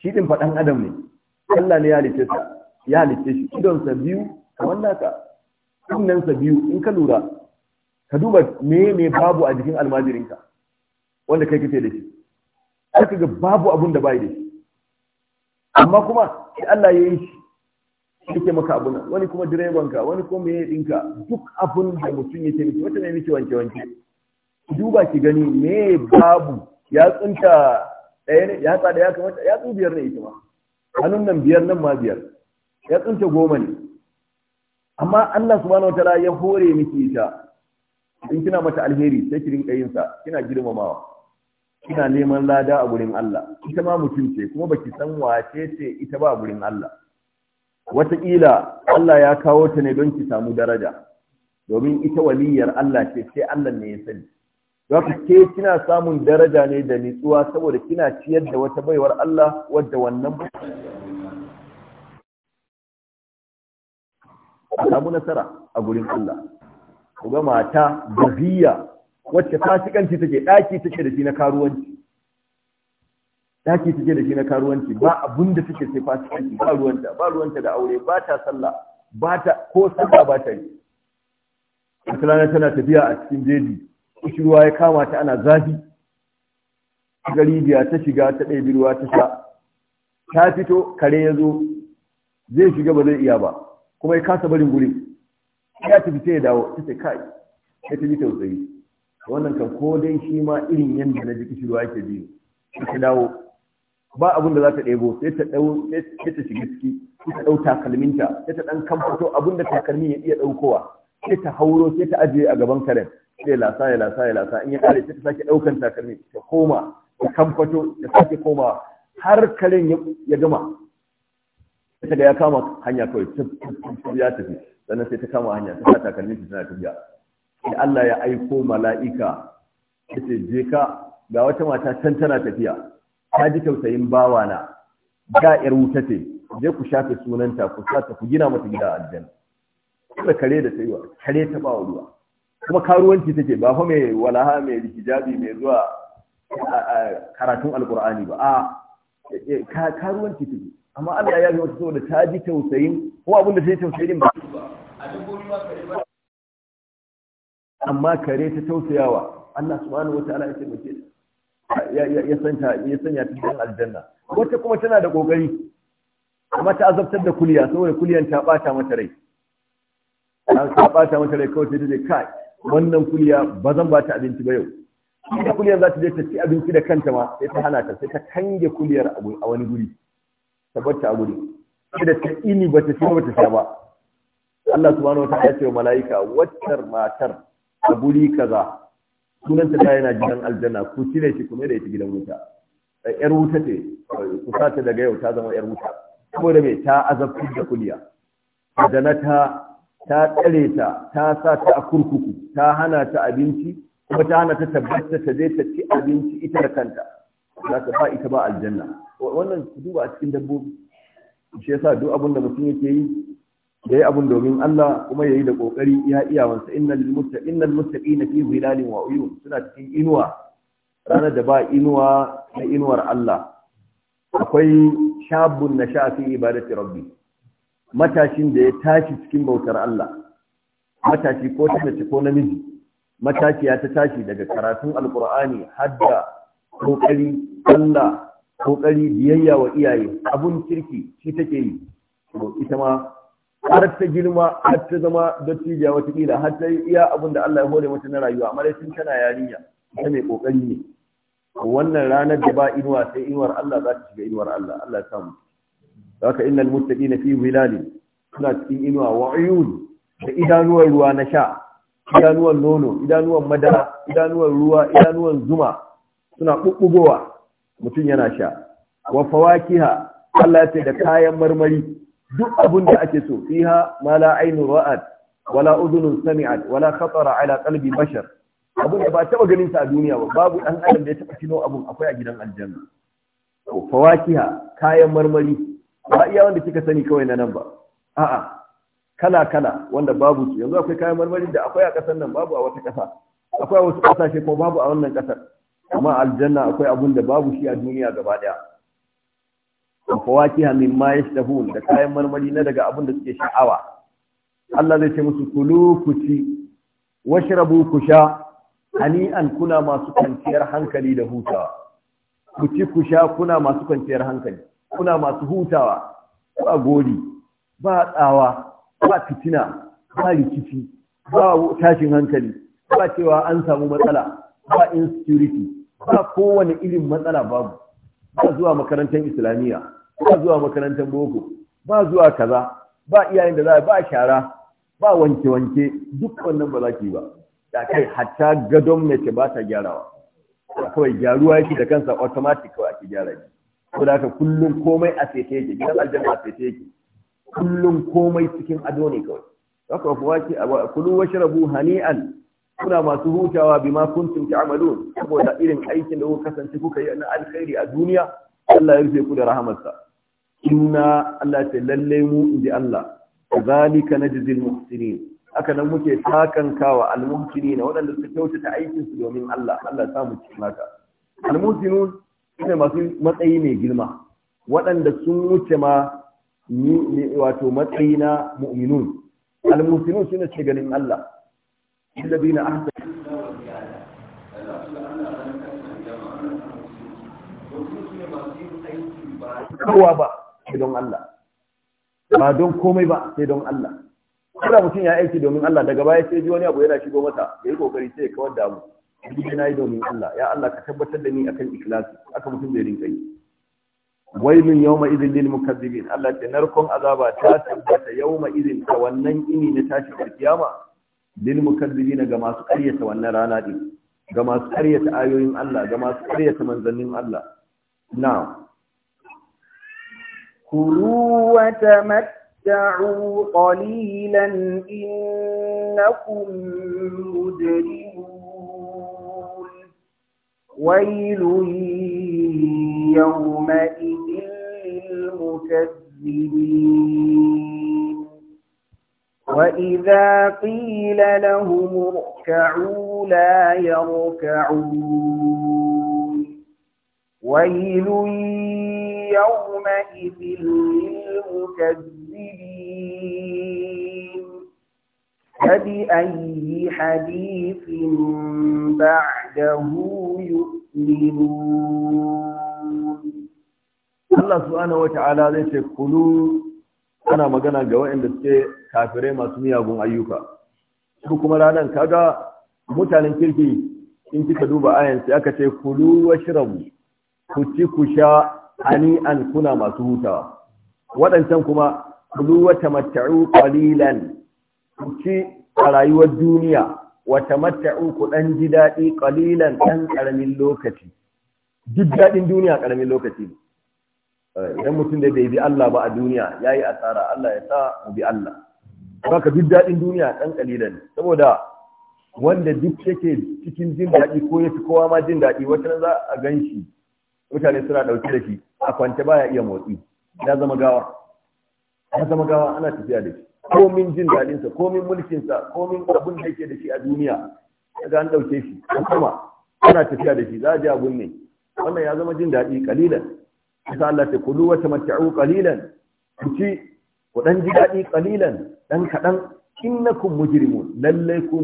shi din faɗan adam ne Allah ne ya halice sa ya halice shi idonsa biyu kamar naka sa biyu in ka lura ka duba me ne babu a jikin almajirinka wanda kai kake da shi aka ga babu abun da bai da shi amma kuma shi Allah ya yi shi yake maka abun nan wani kuma direbanka wani kuma me dinka duk abun da mutum yake miki wata ne miki wanke wanke duba ki gani me babu ya tsunta ɗaya ne ya tsada ya kamata ya tsu biyar ne ita ma hannun nan biyar nan ma biyar ya tsunta goma ne amma Allah subhanahu wataala ya hore miki ita in kina mata alheri sai ki rinka yin sa kina girmamawa kina neman lada a gurin Allah ita ma mutum ce kuma baki san wace ce ita ba a gurin Allah wataƙila Allah ya kawo ta ne don ki samu daraja domin ita waliyar Allah ce sai Allah ne ya sani Zaka ke kina samun daraja ne da nitsuwa saboda kina ciyar da wata baiwar Allah wadda wannan samu nasara a gurin Allah ku ga mata gabiya
wacce fasikanci
take daki take da shi na karuwanci daki take da shi na karuwanci ba abun da take sai fasikanci ba ruwanta ba ruwanta da aure ba ta sallah ba ta ko sallah ba ta yi wata tana tafiya a cikin jeji ruwa ya kama ta ana zafi biya ta shiga ta ɗaya biruwa ta sha ta fito kare ya zo zai shiga ba zai iya ba kuma ya kasa barin gurin ya tafi sai ya dawo ta ce kai ya tafi tausayi wannan kan ko dai shi ma irin yadda na jiki shirwa yake biyu ta dawo ba abin da za ta ɗebo sai ta ɗau sai ta shiga ciki sai ta ɗau takalminta sai ta ɗan kamfato abin da takalmin ya iya ɗaukowa sai ta hauro sai ta ajiye a gaban karen sai lasa ya lasa ya lasa in ya ƙare sai ta sake ɗaukan takalmin ta koma ta kamfato ta sake komawa har karen ya gama sai ta ga ya kama hanya kawai ya tafi sannan sai ta kama hanya ta sa takalmin ta tana tafiya sai Allah ya aiko mala'ika ya ce je ka ga wata mata can tana tafiya ta ji tausayin bawa na ga yar wuta ce je ku shafe sunanta ku sa ta ku gina mata gida aljanna kuma kare da tsayuwa kare ta ba ruwa kuma karuwanci take ba fa mai walaha mai hijabi mai zuwa karatun alkur'ani ba a eh, eh, karuwanci take amma Allah ya yi wata saboda ta ji tausayin ko abin da ta yi tausayin ba amma kare ta tausayawa Allah subhanahu wataala ya taimake ya santa ya sanya ta cikin aljanna wata kuma tana da kokari amma ta azabtar da kuliya saboda kuliyan ta bata mata rai ta bata mata rai kawai sai ta kai wannan kuliya ba zan bata abinci ba yau ita kuliyar za ta je ta ci abinci da kanta ma sai ta hana ta sai ta kange kuliyar a wani guri ta bar ta a guri sai da ta ini ba ta ci ba ta sha ba Allah subhanahu wataala ya ce wa mala'ika waccar matar a guri kaza sunanta ta yana gidan aljanna ku cire shi kuma da ita gidan wuta yar wuta ce ku sa ta daga yau ta zama yar wuta saboda me ta azabci da kuliya na ta tsare ta ta sa ta a kurkuku ta hana ta abinci kuma ta hana ta tabbata ta je ta ci abinci ita da kanta za ta ba ita ba aljanna wannan duba a cikin dabbobi shi yasa duk abin da mutum yake yi da ya abun domin Allah kuma ya yi da ƙoƙari ya iyawansa innal mutta na fi zilalin wa uyun suna cikin inuwa ranar da ba inuwa na inuwar Allah akwai shabun nasha fi ibadati rabbi matashin da ya tashi cikin bautar Allah matashi ko ko namiji matashi ya ta tashi daga karatun alqur'ani hadda ƙoƙari, Allah kokari biyayya wa iyaye abun kirki shi take yi to ita ma har ta girma har ta zama dattijiya watakila har ta yi iya abin da Allah ya hore mata na rayuwa amma tun tana yarinya ta mai kokari ne wannan ranar da ba inuwa sai inuwar Allah za ta shiga inuwar Allah Allah ya samu haka innal muttaqina fi hilalin suna cikin inuwa wa ayun da idanuwar ruwa na sha idanuwar nono idanuwar madara idanuwar ruwa idanuwar zuma suna bubbugowa mutum yana sha wa fawakiha Allah ya ce da kayan marmari duk abun da ake so fiha ma la ainu ra'at wala udhunun sami'at wala khatara ala qalbi bashar abun da ba taba ganin sa a duniya ba babu dan adam da ya taba kino abun akwai a gidan aljanna to fawakiha kayan marmari ba iya wanda kika sani kawai na nan ba a'a kala kala wanda babu su yanzu akwai kayan marmari da akwai a kasar nan babu a wata kasa akwai wasu kasashe ko babu a wannan kasar amma aljanna akwai abun da babu shi a duniya gaba daya wa fawakiha mimma yashtahun da kayan marmari na daga abin da suke sha'awa Allah zai ce musu kulu ku ci washrabu ku sha hani'an kuna masu kwanciyar hankali da hutawa ku ci ku sha kuna masu kwanciyar hankali kuna masu hutawa ba gori ba tsawa ba fitina ba rikici ba tashin hankali ba cewa an samu matsala ba insecurity ba kowane irin matsala babu ba zuwa makarantar islamiyya ba zuwa makarantar boko ba zuwa kaza ba iyayen da za ba shara ba wanke-wanke duk wannan ba za ki ba da kai hatta gadon mace ba ta gyarawa kawai gyaruwa yake da kansa automatic kawai ake gyara shi ko da haka kullum komai a sete yake gidan aljanna a sete yake kullum komai cikin ado ne kawai haka kuwa ce kulu washrabu hani'an kuna masu hutawa ma kuntum ta'malun saboda irin aikin da kuka kasance kuka yi na alkhairi a duniya Allah ya rufe ku da rahamarsa inna Allah ce lallai mu inji Allah zalika najzil muhsinin haka nan muke takan kawa al muhsinin waɗanda suka kyautata aikin su domin Allah Allah ya samu cikin haka al muhsinun ne masu matsayi mai girma waɗanda sun wuce ma wato matsayi na mu'minun al muhsinun shine ce ganin Allah alladhina ahsanu kowa ba sai don Allah ba don komai ba sai don Allah kada mutum ya aiki domin Allah daga baya sai ji wani abu yana shigo mata da yi kokari sai ya kawar da abu ni na yi domin Allah ya Allah ka tabbatar da ni akan ikhlasi aka mutum bai rinka yi wailun yawma idin lil mukazzibin Allah ta narkon azaba ta tabbata yawma idin ta wannan ini na tashi kiyama lil mukazzibin ga masu karyata wannan rana din ga masu karyata ayoyin Allah ga masu karyata manzannin Allah na'am
كلوا وتمتعوا قليلا إنكم مجرمون ويل يومئذ للمكذبين وإذا قيل لهم اركعوا لا يركعون ويل يومئذ للمكذبين فبأي حديث
بعده يؤمنون Allah subhanahu wata'ala zai ce kulu ana magana ga waɗanda suke kafirai masu miyagun ayyuka su kuma ranar kaga mutanen kirki in kika duba ayan sai aka ce kulu washrabu ku ci ku sha hani'an kuna masu hutawa waɗancan kuma kulu wata tamatta'u qalilan ku ci a rayuwar duniya wata tamatta'u ku ɗan ji daɗi qalilan ɗan ƙaramin lokaci duk daɗin duniya ƙaramin lokaci eh, idan mutum da bai bi Allah ba a duniya yi asara Allah ya sa mu bi Allah baka duk daɗin duniya dan kalilan saboda wanda duk yake cikin jin daɗi ko yafi kowa ma jin daɗi wata za a ganshi mutane suna ɗauke da shi a kwance baya iya motsi ya zama gawa ya zama gawa ana tafiya da shi komin jin daɗinsa komin mulkinsa komin abin da yake da shi a duniya daga an ɗauke shi a sama ana tafiya da shi za a ji abun ne wannan ya zama jin daɗi kalilan kasa Allah ta kulu wata mata'u kalilan ku ci ku ɗan ji daɗi kalilan ɗan kaɗan innakum mujrimun lallai ku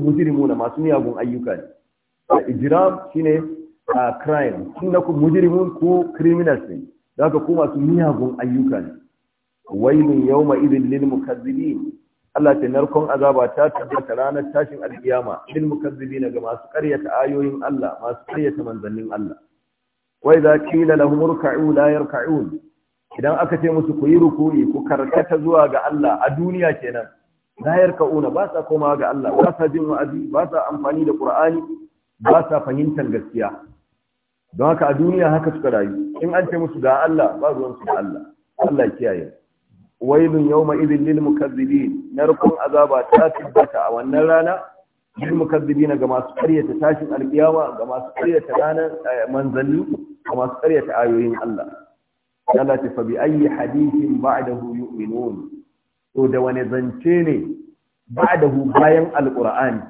na masu miyagun ayyuka ne ijram shine a crime innakum mujrimun ko criminals ne da haka ku masu miyagun ayyuka ne wailun yawma idin lil mukazzibin Allah ta narkon azaba ta tabbata ranar tashin alkiyama lil mukazzibin ga masu karyata ayoyin Allah masu karyata manzannin Allah wa idza qila lahum ruk'u la yarka'un idan aka ce musu ku yi ruku'i ku karkata zuwa ga Allah a duniya kenan la kauna ba sa koma ga Allah ba sa jin wa'azi ba sa amfani da Qur'ani ba sa fahimtar gaskiya don haka a duniya haka suka rayu in an ce musu ga Allah ba ruwan su da Allah Allah kiyaye wailun yawma idhil lil mukazzibin narkun azaba ta tabbata a wannan rana lil mukazzibin ga masu karyata tashin alkiyama ga masu karyata ranar eh, manzanni ga masu karyata ayoyin Allah Allah ta fa bi hadithin ba'dahu yu'minun to da wani zance ne ba'dahu bayan alqur'ani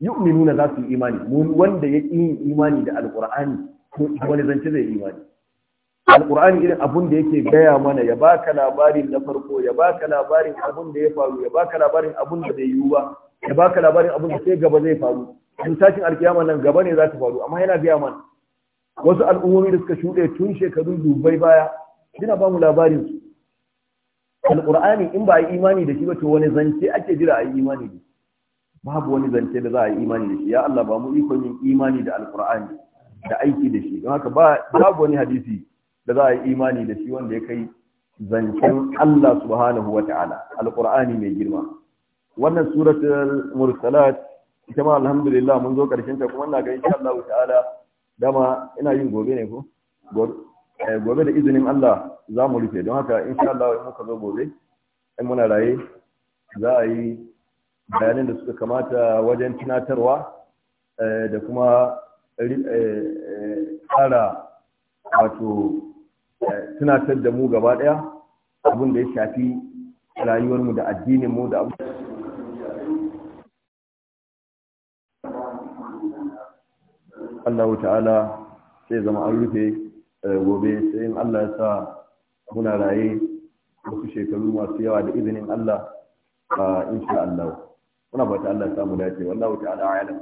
yu'minuna za su yi imani wanda ya ƙi imani da alqur'ani wani zance zai imani alqur'ani irin abun da yake gaya mana ya baka labarin na farko ya baka labarin abun da ya faru ya baka labarin abun da bai yiwu ba ya baka labarin abun da sai gaba zai faru in tashin alkiyama nan gaba ne za ta faru amma yana gaya mana wasu al'ummomi da suka shuɗe tun shekarun dubai baya suna ba mu labarin su alqur'ani in ba a yi imani da shi ba to wani zance ake jira a yi imani da babu wani zance da za a yi imani da shi ya Allah ba mu ikon yin imani da alkur'ani da aiki da shi don haka babu wani hadisi da za a yi imani da shi wanda ya kai zancen Allah subhanahu wa ta'ala alkur'ani mai girma wannan suratul mursalat ita ma alhamdulillah mun zo karshen ta kuma ina ga insha Allah ta'ala dama ina yin gobe ne ko eh, gobe da izinin Allah za mu rufe don haka insha Allah muka zo gobe in muna raye za a yi bayanin da suka kamata wajen tunatarwa eh, da kuma eh, tsara wato eh, tunatar da mu gaba daya abin da ya shafi rayuwarmu da addininmu da abu Allah ta'ala sai zama an rufe gobe sai in Allah ya sa muna raye wasu shekaru masu yawa da izinin Allah ah, insha Allah. muna bauta Allah ya samu dace wallahi ta'ala a'lam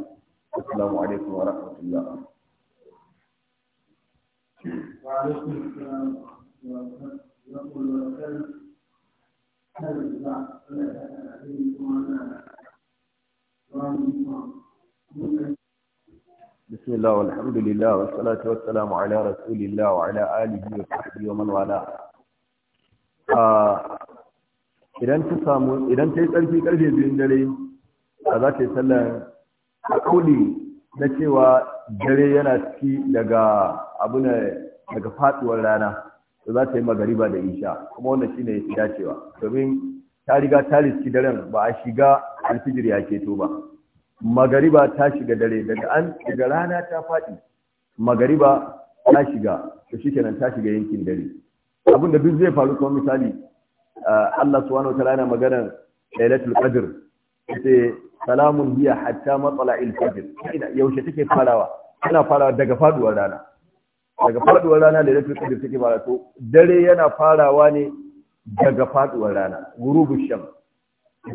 assalamu alaikum wa rahmatullah wa بسم الله والحمد لله والصلاة والسلام على رسول الله وعلى آله وصحبه ومن والاه إذا أنت سامو إذا أنت تعرفي كيف يبين دليل ba za ta yi sallar a na cewa dare yana ciki daga abu daga faduwar rana to za ta yi magariba da isha kuma wannan shine ya fi dacewa domin ta riga ta riski daren ba a shiga alfijir ya keto ba magariba ta shiga dare daga an daga rana ta faɗi magariba ta shiga to shi kenan ta shiga yankin dare abin da duk zai faru kuma misali eh, Allah subhanahu ta'ala yana maganar Lailatul Qadr sai salamun biya hatta matsala ilfajir yaushe take farawa tana farawa daga faduwar rana daga faduwar rana da lafi kadir take fara to dare yana farawa ne daga faduwar rana gurubu sham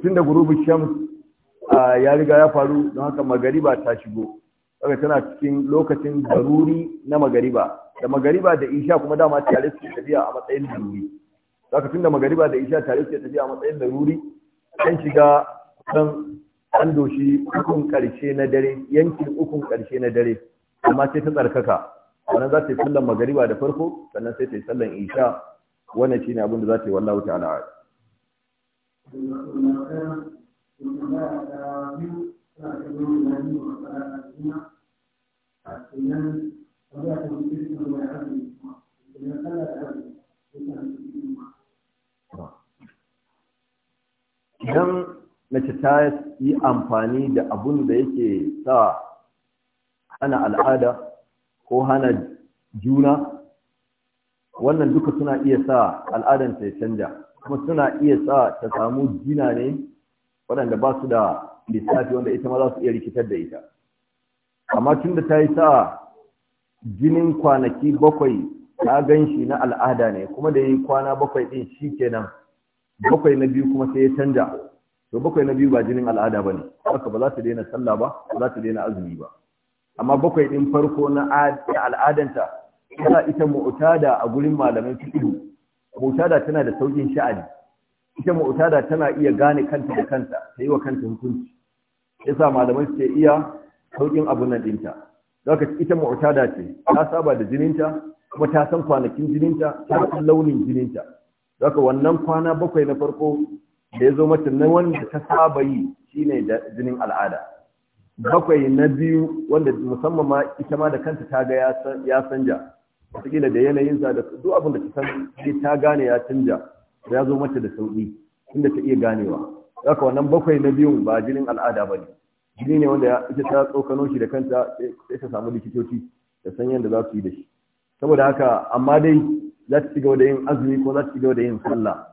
tunda gurubu sham ya riga ya faru don haka magariba ta shigo kaga tana cikin lokacin daruri na magariba da magariba da isha kuma dama tare suke tafiya a matsayin daruri zaka tunda magariba da isha tare suke tafiya a matsayin daruri an shiga dan an doshi ukun karshe na dare yankin ukun karshe na dare amma sai ta tsarkaka wannan za ta yi sallan magariba da farko sannan sai ta yi sallan isha wannan shine abin da za ta yi wallahu ta'ala idan mace ta yi amfani da abun da yake sa hana al'ada ko hana juna wannan duka suna iya sa al'adan ta canja kuma suna iya sa ta samu jina ne waɗanda ba su da lissafi wanda ita ma za su iya rikitar da ita amma tun da ta yi sa jinin kwanaki bakwai ta ganshi na al'ada ne kuma da ya yi kwana bakwai ɗin shi kenan bakwai na biyu kuma sai ya canja to bakwai na biyu ba jinin al'ada ba ne haka ba za ta daina sallah ba ba za ta daina azumi ba amma bakwai din farko na al'adanta ita ita mu'tada a gurin malamin fiqh mu'tada tana da saukin sha'ani ita mu'tada tana iya gane kanta da kanta ta yi wa kanta hukunci yasa malamai suke iya saukin abun nan dinta haka ita mu'tada ce ta saba da jininta kuma ta san kwanakin jininta ta san launin jininta haka wannan kwana bakwai na farko da ya zo mata na wanda ta saba yi shine jinin al'ada bakwai na biyu wanda musamman ma ita ma da kanta ta ga ya sanja wataƙila da yanayin da duk abin da ta san sai ta gane ya canja da ya zo mata da sauƙi inda ta iya ganewa haka wannan bakwai na biyun ba jinin al'ada ba ne jini ne wanda ita ta tsokano shi da kanta sai ta samu likitoci da san yadda za su yi da shi saboda haka amma dai za ta ci gaba da yin azumi ko za ta ci gaba da yin sallah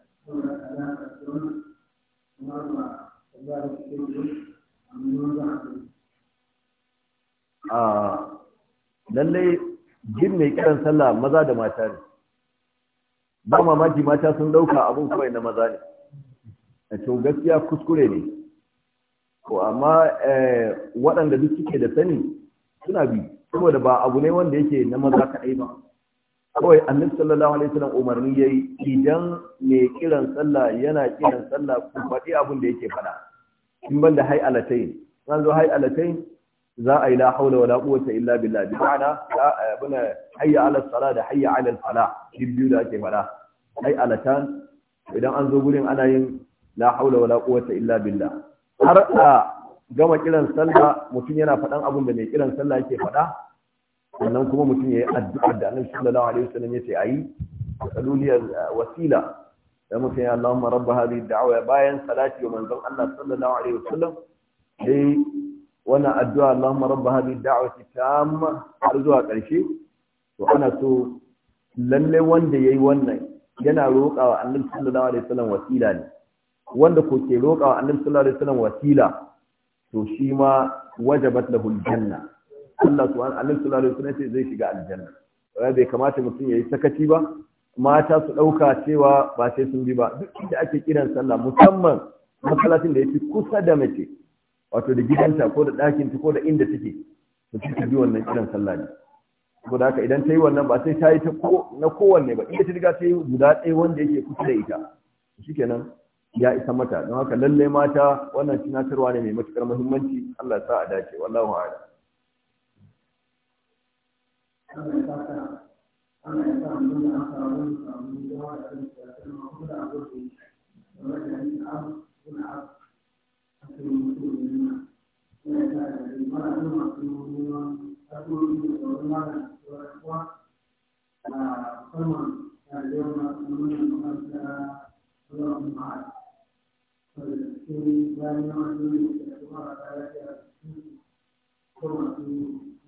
a ah, lallai jin mai kiran sallah maza da mata ne ba mamaki mata sun dauka abin kawai na maza ne a eh, to gaskiya kuskure ne ko amma eh, waɗanda duk suke da sani suna bi saboda ba abu ne wanda yake na maza kaɗai ba kawai annabi sallallahu alaihi wasallam umarni yayi idan me kiran sallah yana kiran sallah ku faɗi abin da yake faɗa in ban da hay'alatain zan zo hay'alatain za a yi la haula wala quwwata illa billah bi ma'ana bana hayya ala sala da hayya ala fala, biyu da ake faɗa hay'alatan idan an zo gurin ana yin la haula wala quwwata illa billah har a gama kiran sallah mutum yana faɗan abin da me kiran sallah yake faɗa sannan kuma mutum ya yi addu'a da annabi sallallahu alaihi wasallam yace ayi saluliyar eh, wasila da mutum ya Allahumma rabba hadhihi da'wa bayan salati wa manzon Allah sallallahu alaihi wasallam dai wannan addu'a Allahumma rabba hadhihi da'wati tamma har zuwa ƙarshe to ana so lalle wanda yayi wannan yana roƙawa annabi sallallahu alaihi wasallam wasila ne wanda ko ke roƙawa annabi sallallahu alaihi wasallam wasila to shi ma wajabat lahu aljanna Allah subhanahu annabi sallallahu alaihi wasallam ce zai shiga aljanna wai bai kamata mutum yayi sakaci ba mata su ɗauka cewa ba sai sun bi ba duk inda ake kiran sallah musamman masallacin da yake kusa da mace wato da gidanta ko da ɗakin ta ko da inda take mutum ta bi wannan kiran sallah ne saboda haka idan ta yi wannan ba sai ta yi ta na kowanne ba inda ta riga ta yi guda ɗaya wanda yake kusa da ita shikenan ya isa mata don haka lallai mata wannan tunatarwa ne mai matukar muhimmanci Allah ya sa a dace wallahu a'lam
أما إساكا أما إساكا من أصابون فأمون جوال أبن سياسين وقبل أبوه ورجع من أب من أب أكل المسؤول منا ويساعد المرأة المسؤولون أكل المسؤولون والأخوة ثم اليوم أمون المؤسسة اللهم معك فالسوري لا يمكن أن يكون هذا ثم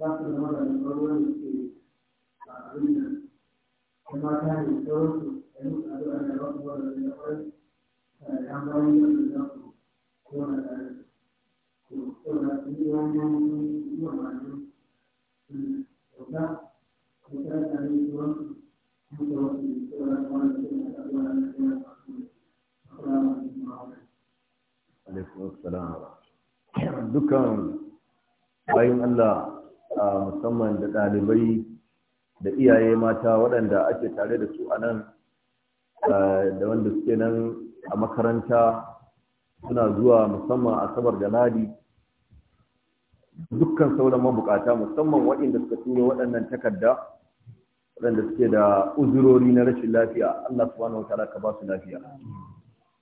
ذاك المرة الأول في عقلنا أن الأكبر من الأول فالأمرين من الأكبر
كما musamman da ɗalibai da iyaye mata waɗanda ake tare da su a nan da wanda suke nan a makaranta suna zuwa musamman asabar da ladi dukkan sauran mabukata musamman waɗanda suka tura waɗannan takarda waɗanda suke da uzurori na rashin lafiya Allah subhanahu wataala ka ba su lafiya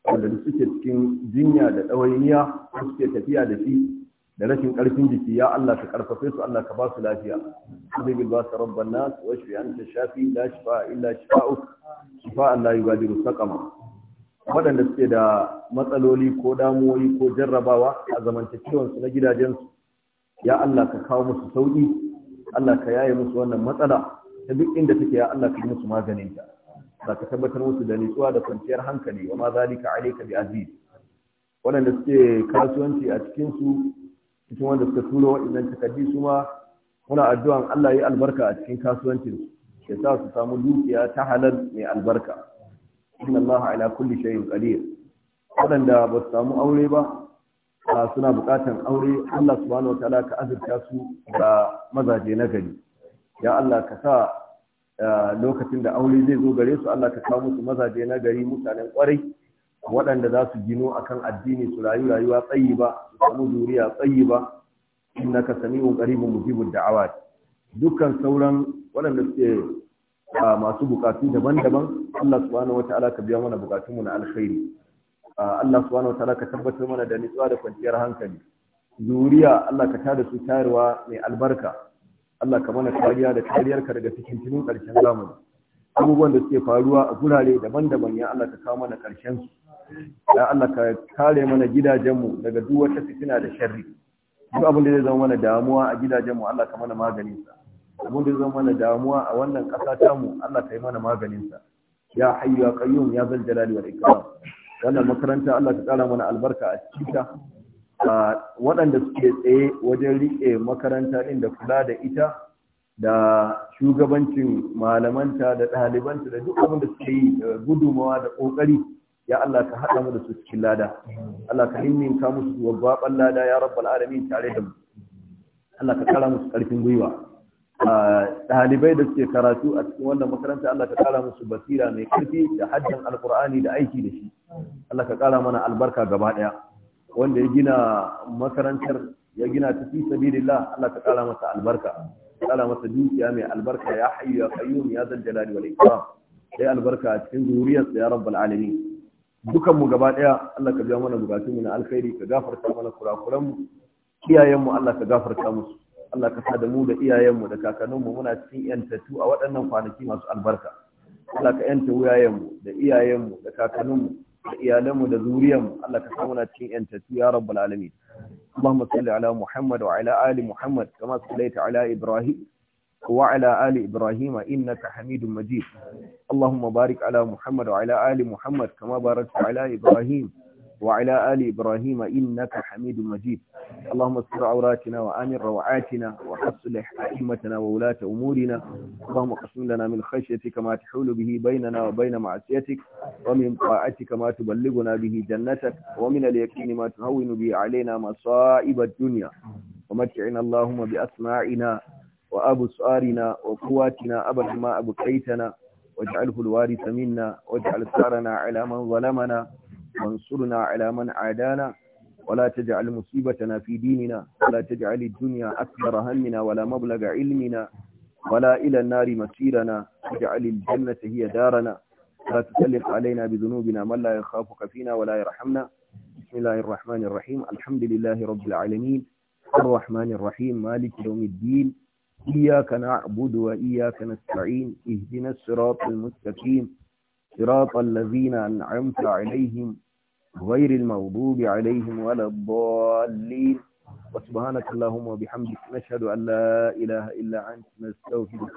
wanda suke cikin jinya da ɗawainiya suke tafiya da shi da rashin ƙarfin jiki ya Allah ka karfafe su Allah ka ba su lafiya azib ba sa rabban nas wa shfi anta shafi la shifa illa shifa'uk shifa'an la yubadiru saqama waɗanda suke da matsaloli ko damuwoyi ko jarrabawa a zamantakewan su na gidajensu ya Allah ka kawo musu sauki Allah ka yaye musu wannan matsala ta duk inda take ya Allah ka yi musu maganin ta za ka tabbatar musu da nutsuwa da kwanciyar hankali wa ma zalika alayka bi aziz waɗanda suke kasuwanci a cikin su cikin wanda suka turo waɗannan takardu. su ma muna addu'an Allah ya albarka a cikin kasuwancin ya sa su samu dukiya ta halal mai albarka inna Allah ala kulli shay'in qadir waɗanda ba su samu aure ba suna buƙatan aure Allah subhanahu wataala ka azurta su da mazaje na gari ya Allah ka sa eh, lokacin da aure zai zo gare su Allah ka kawo musu mazaje na gari mutanen kwarai waɗanda za su gino kan addini su rayu rayuwa tsayi ba su samu zuriya tsayi ba innaka sami'un qaribun mujibud da'awat dukkan sauran waɗanda suke masu bukatu daban-daban Allah subhanahu wataala ka biya mana bukatunmu na alkhairi Allah subhanahu wataala ka tabbatar mana da nutsuwa da kwanciyar hankali zuriya Allah ka tada su tayarwa mai albarka Allah ka mana kariya da kariyar ka daga cikin tunin ƙarshen zamani abubuwan da suke faruwa a gurare daban-daban ya Allah ka kawo mana karshen su ya Allah ka kare mana gidajenmu daga duk wata fitina da sharri duk abin da zai zama mana damuwa a gidajenmu Allah ka mana maganin sa abin da zai zama mana damuwa a wannan ƙasa ta mu Allah ka yi mana maganin sa ya hayyu ya qayyum ya zal jalali wal ikram wannan makaranta Allah ka kara mana albarka a cikin ta waɗanda suke tsaye wajen riƙe makaranta ɗin da kula da ita da shugabancin malamanta da ɗalibanta da duk abin da suke yi da gudumawa da ƙoƙari ya Allah ka haɗa mu da su cikin lada Allah ka himminta musu wabbaɓan lada ya rabbal alamin tare da mu Allah ka kara musu ƙarfin gwiwa ɗalibai da suke karatu a cikin wannan makaranta Allah ka kara musu basira mai ƙarfi da haddan alƙur'ani da aiki da shi Allah ka kara mana albarka gaba ɗaya wanda ya gina makarantar ya gina ta fi sabilillah Allah ka kara masa albarka kara masa dukiya mai albarka ya hayyu ya qayyum ya zal jalali wal ikram sai albarka a cikin zuriyarsa ya rabbal alamin dukanmu gaba ɗaya. Allah ka biya mana mu na alkhairi ka gafarta mana kurakuranmu iyayenmu Allah ka gafarta musu Allah ka sada mu da iyayenmu da kakanninmu muna cikin yantattu a waɗannan kwanaki masu albarka Allah ka yanta wuyayenmu da iyayenmu da kakanninmu da iyalanmu da mu. Allah ka sa muna cikin yantattu ya rabbal alamin اللهم ala Muhammad wa وعلى Ali Muhammad, كما صليت على Ibrahim. وعلى آل إبراهيم إنك حميد مجيد اللهم بارك على محمد وعلى آل محمد كما باركت على إبراهيم وعلى آل إبراهيم إنك حميد مجيد اللهم استر عوراتنا وآمن روعاتنا وحصلح أئمتنا وولاة أمورنا اللهم قسم لنا من خشيتك ما تحول به بيننا وبين معصيتك ومن طاعتك ما تبلغنا به جنتك ومن اليقين ما تهون به علينا مصائب الدنيا ومتعنا اللهم بأسماعنا وابو سؤالنا وقواتنا أبدا ما أبقيتنا واجعله الوارث منا واجعل ثارنا على من ظلمنا وانصرنا على من عادانا ولا تجعل مصيبتنا في ديننا ولا تجعل الدنيا أكبر همنا ولا مبلغ علمنا ولا إلى النار مسيرنا واجعل الجنة هي دارنا لا تسلط علينا بذنوبنا من لا يخافك فينا ولا يرحمنا بسم الله الرحمن الرحيم الحمد لله رب العالمين الرحمن الرحيم مالك يوم الدين إياك نعبد وإياك نستعين اهدنا الصراط المستقيم صراط الذين أنعمت عليهم غير المغضوب عليهم ولا الضالين وسبحانك اللهم وبحمدك نشهد أن لا إله إلا أنت نستغفرك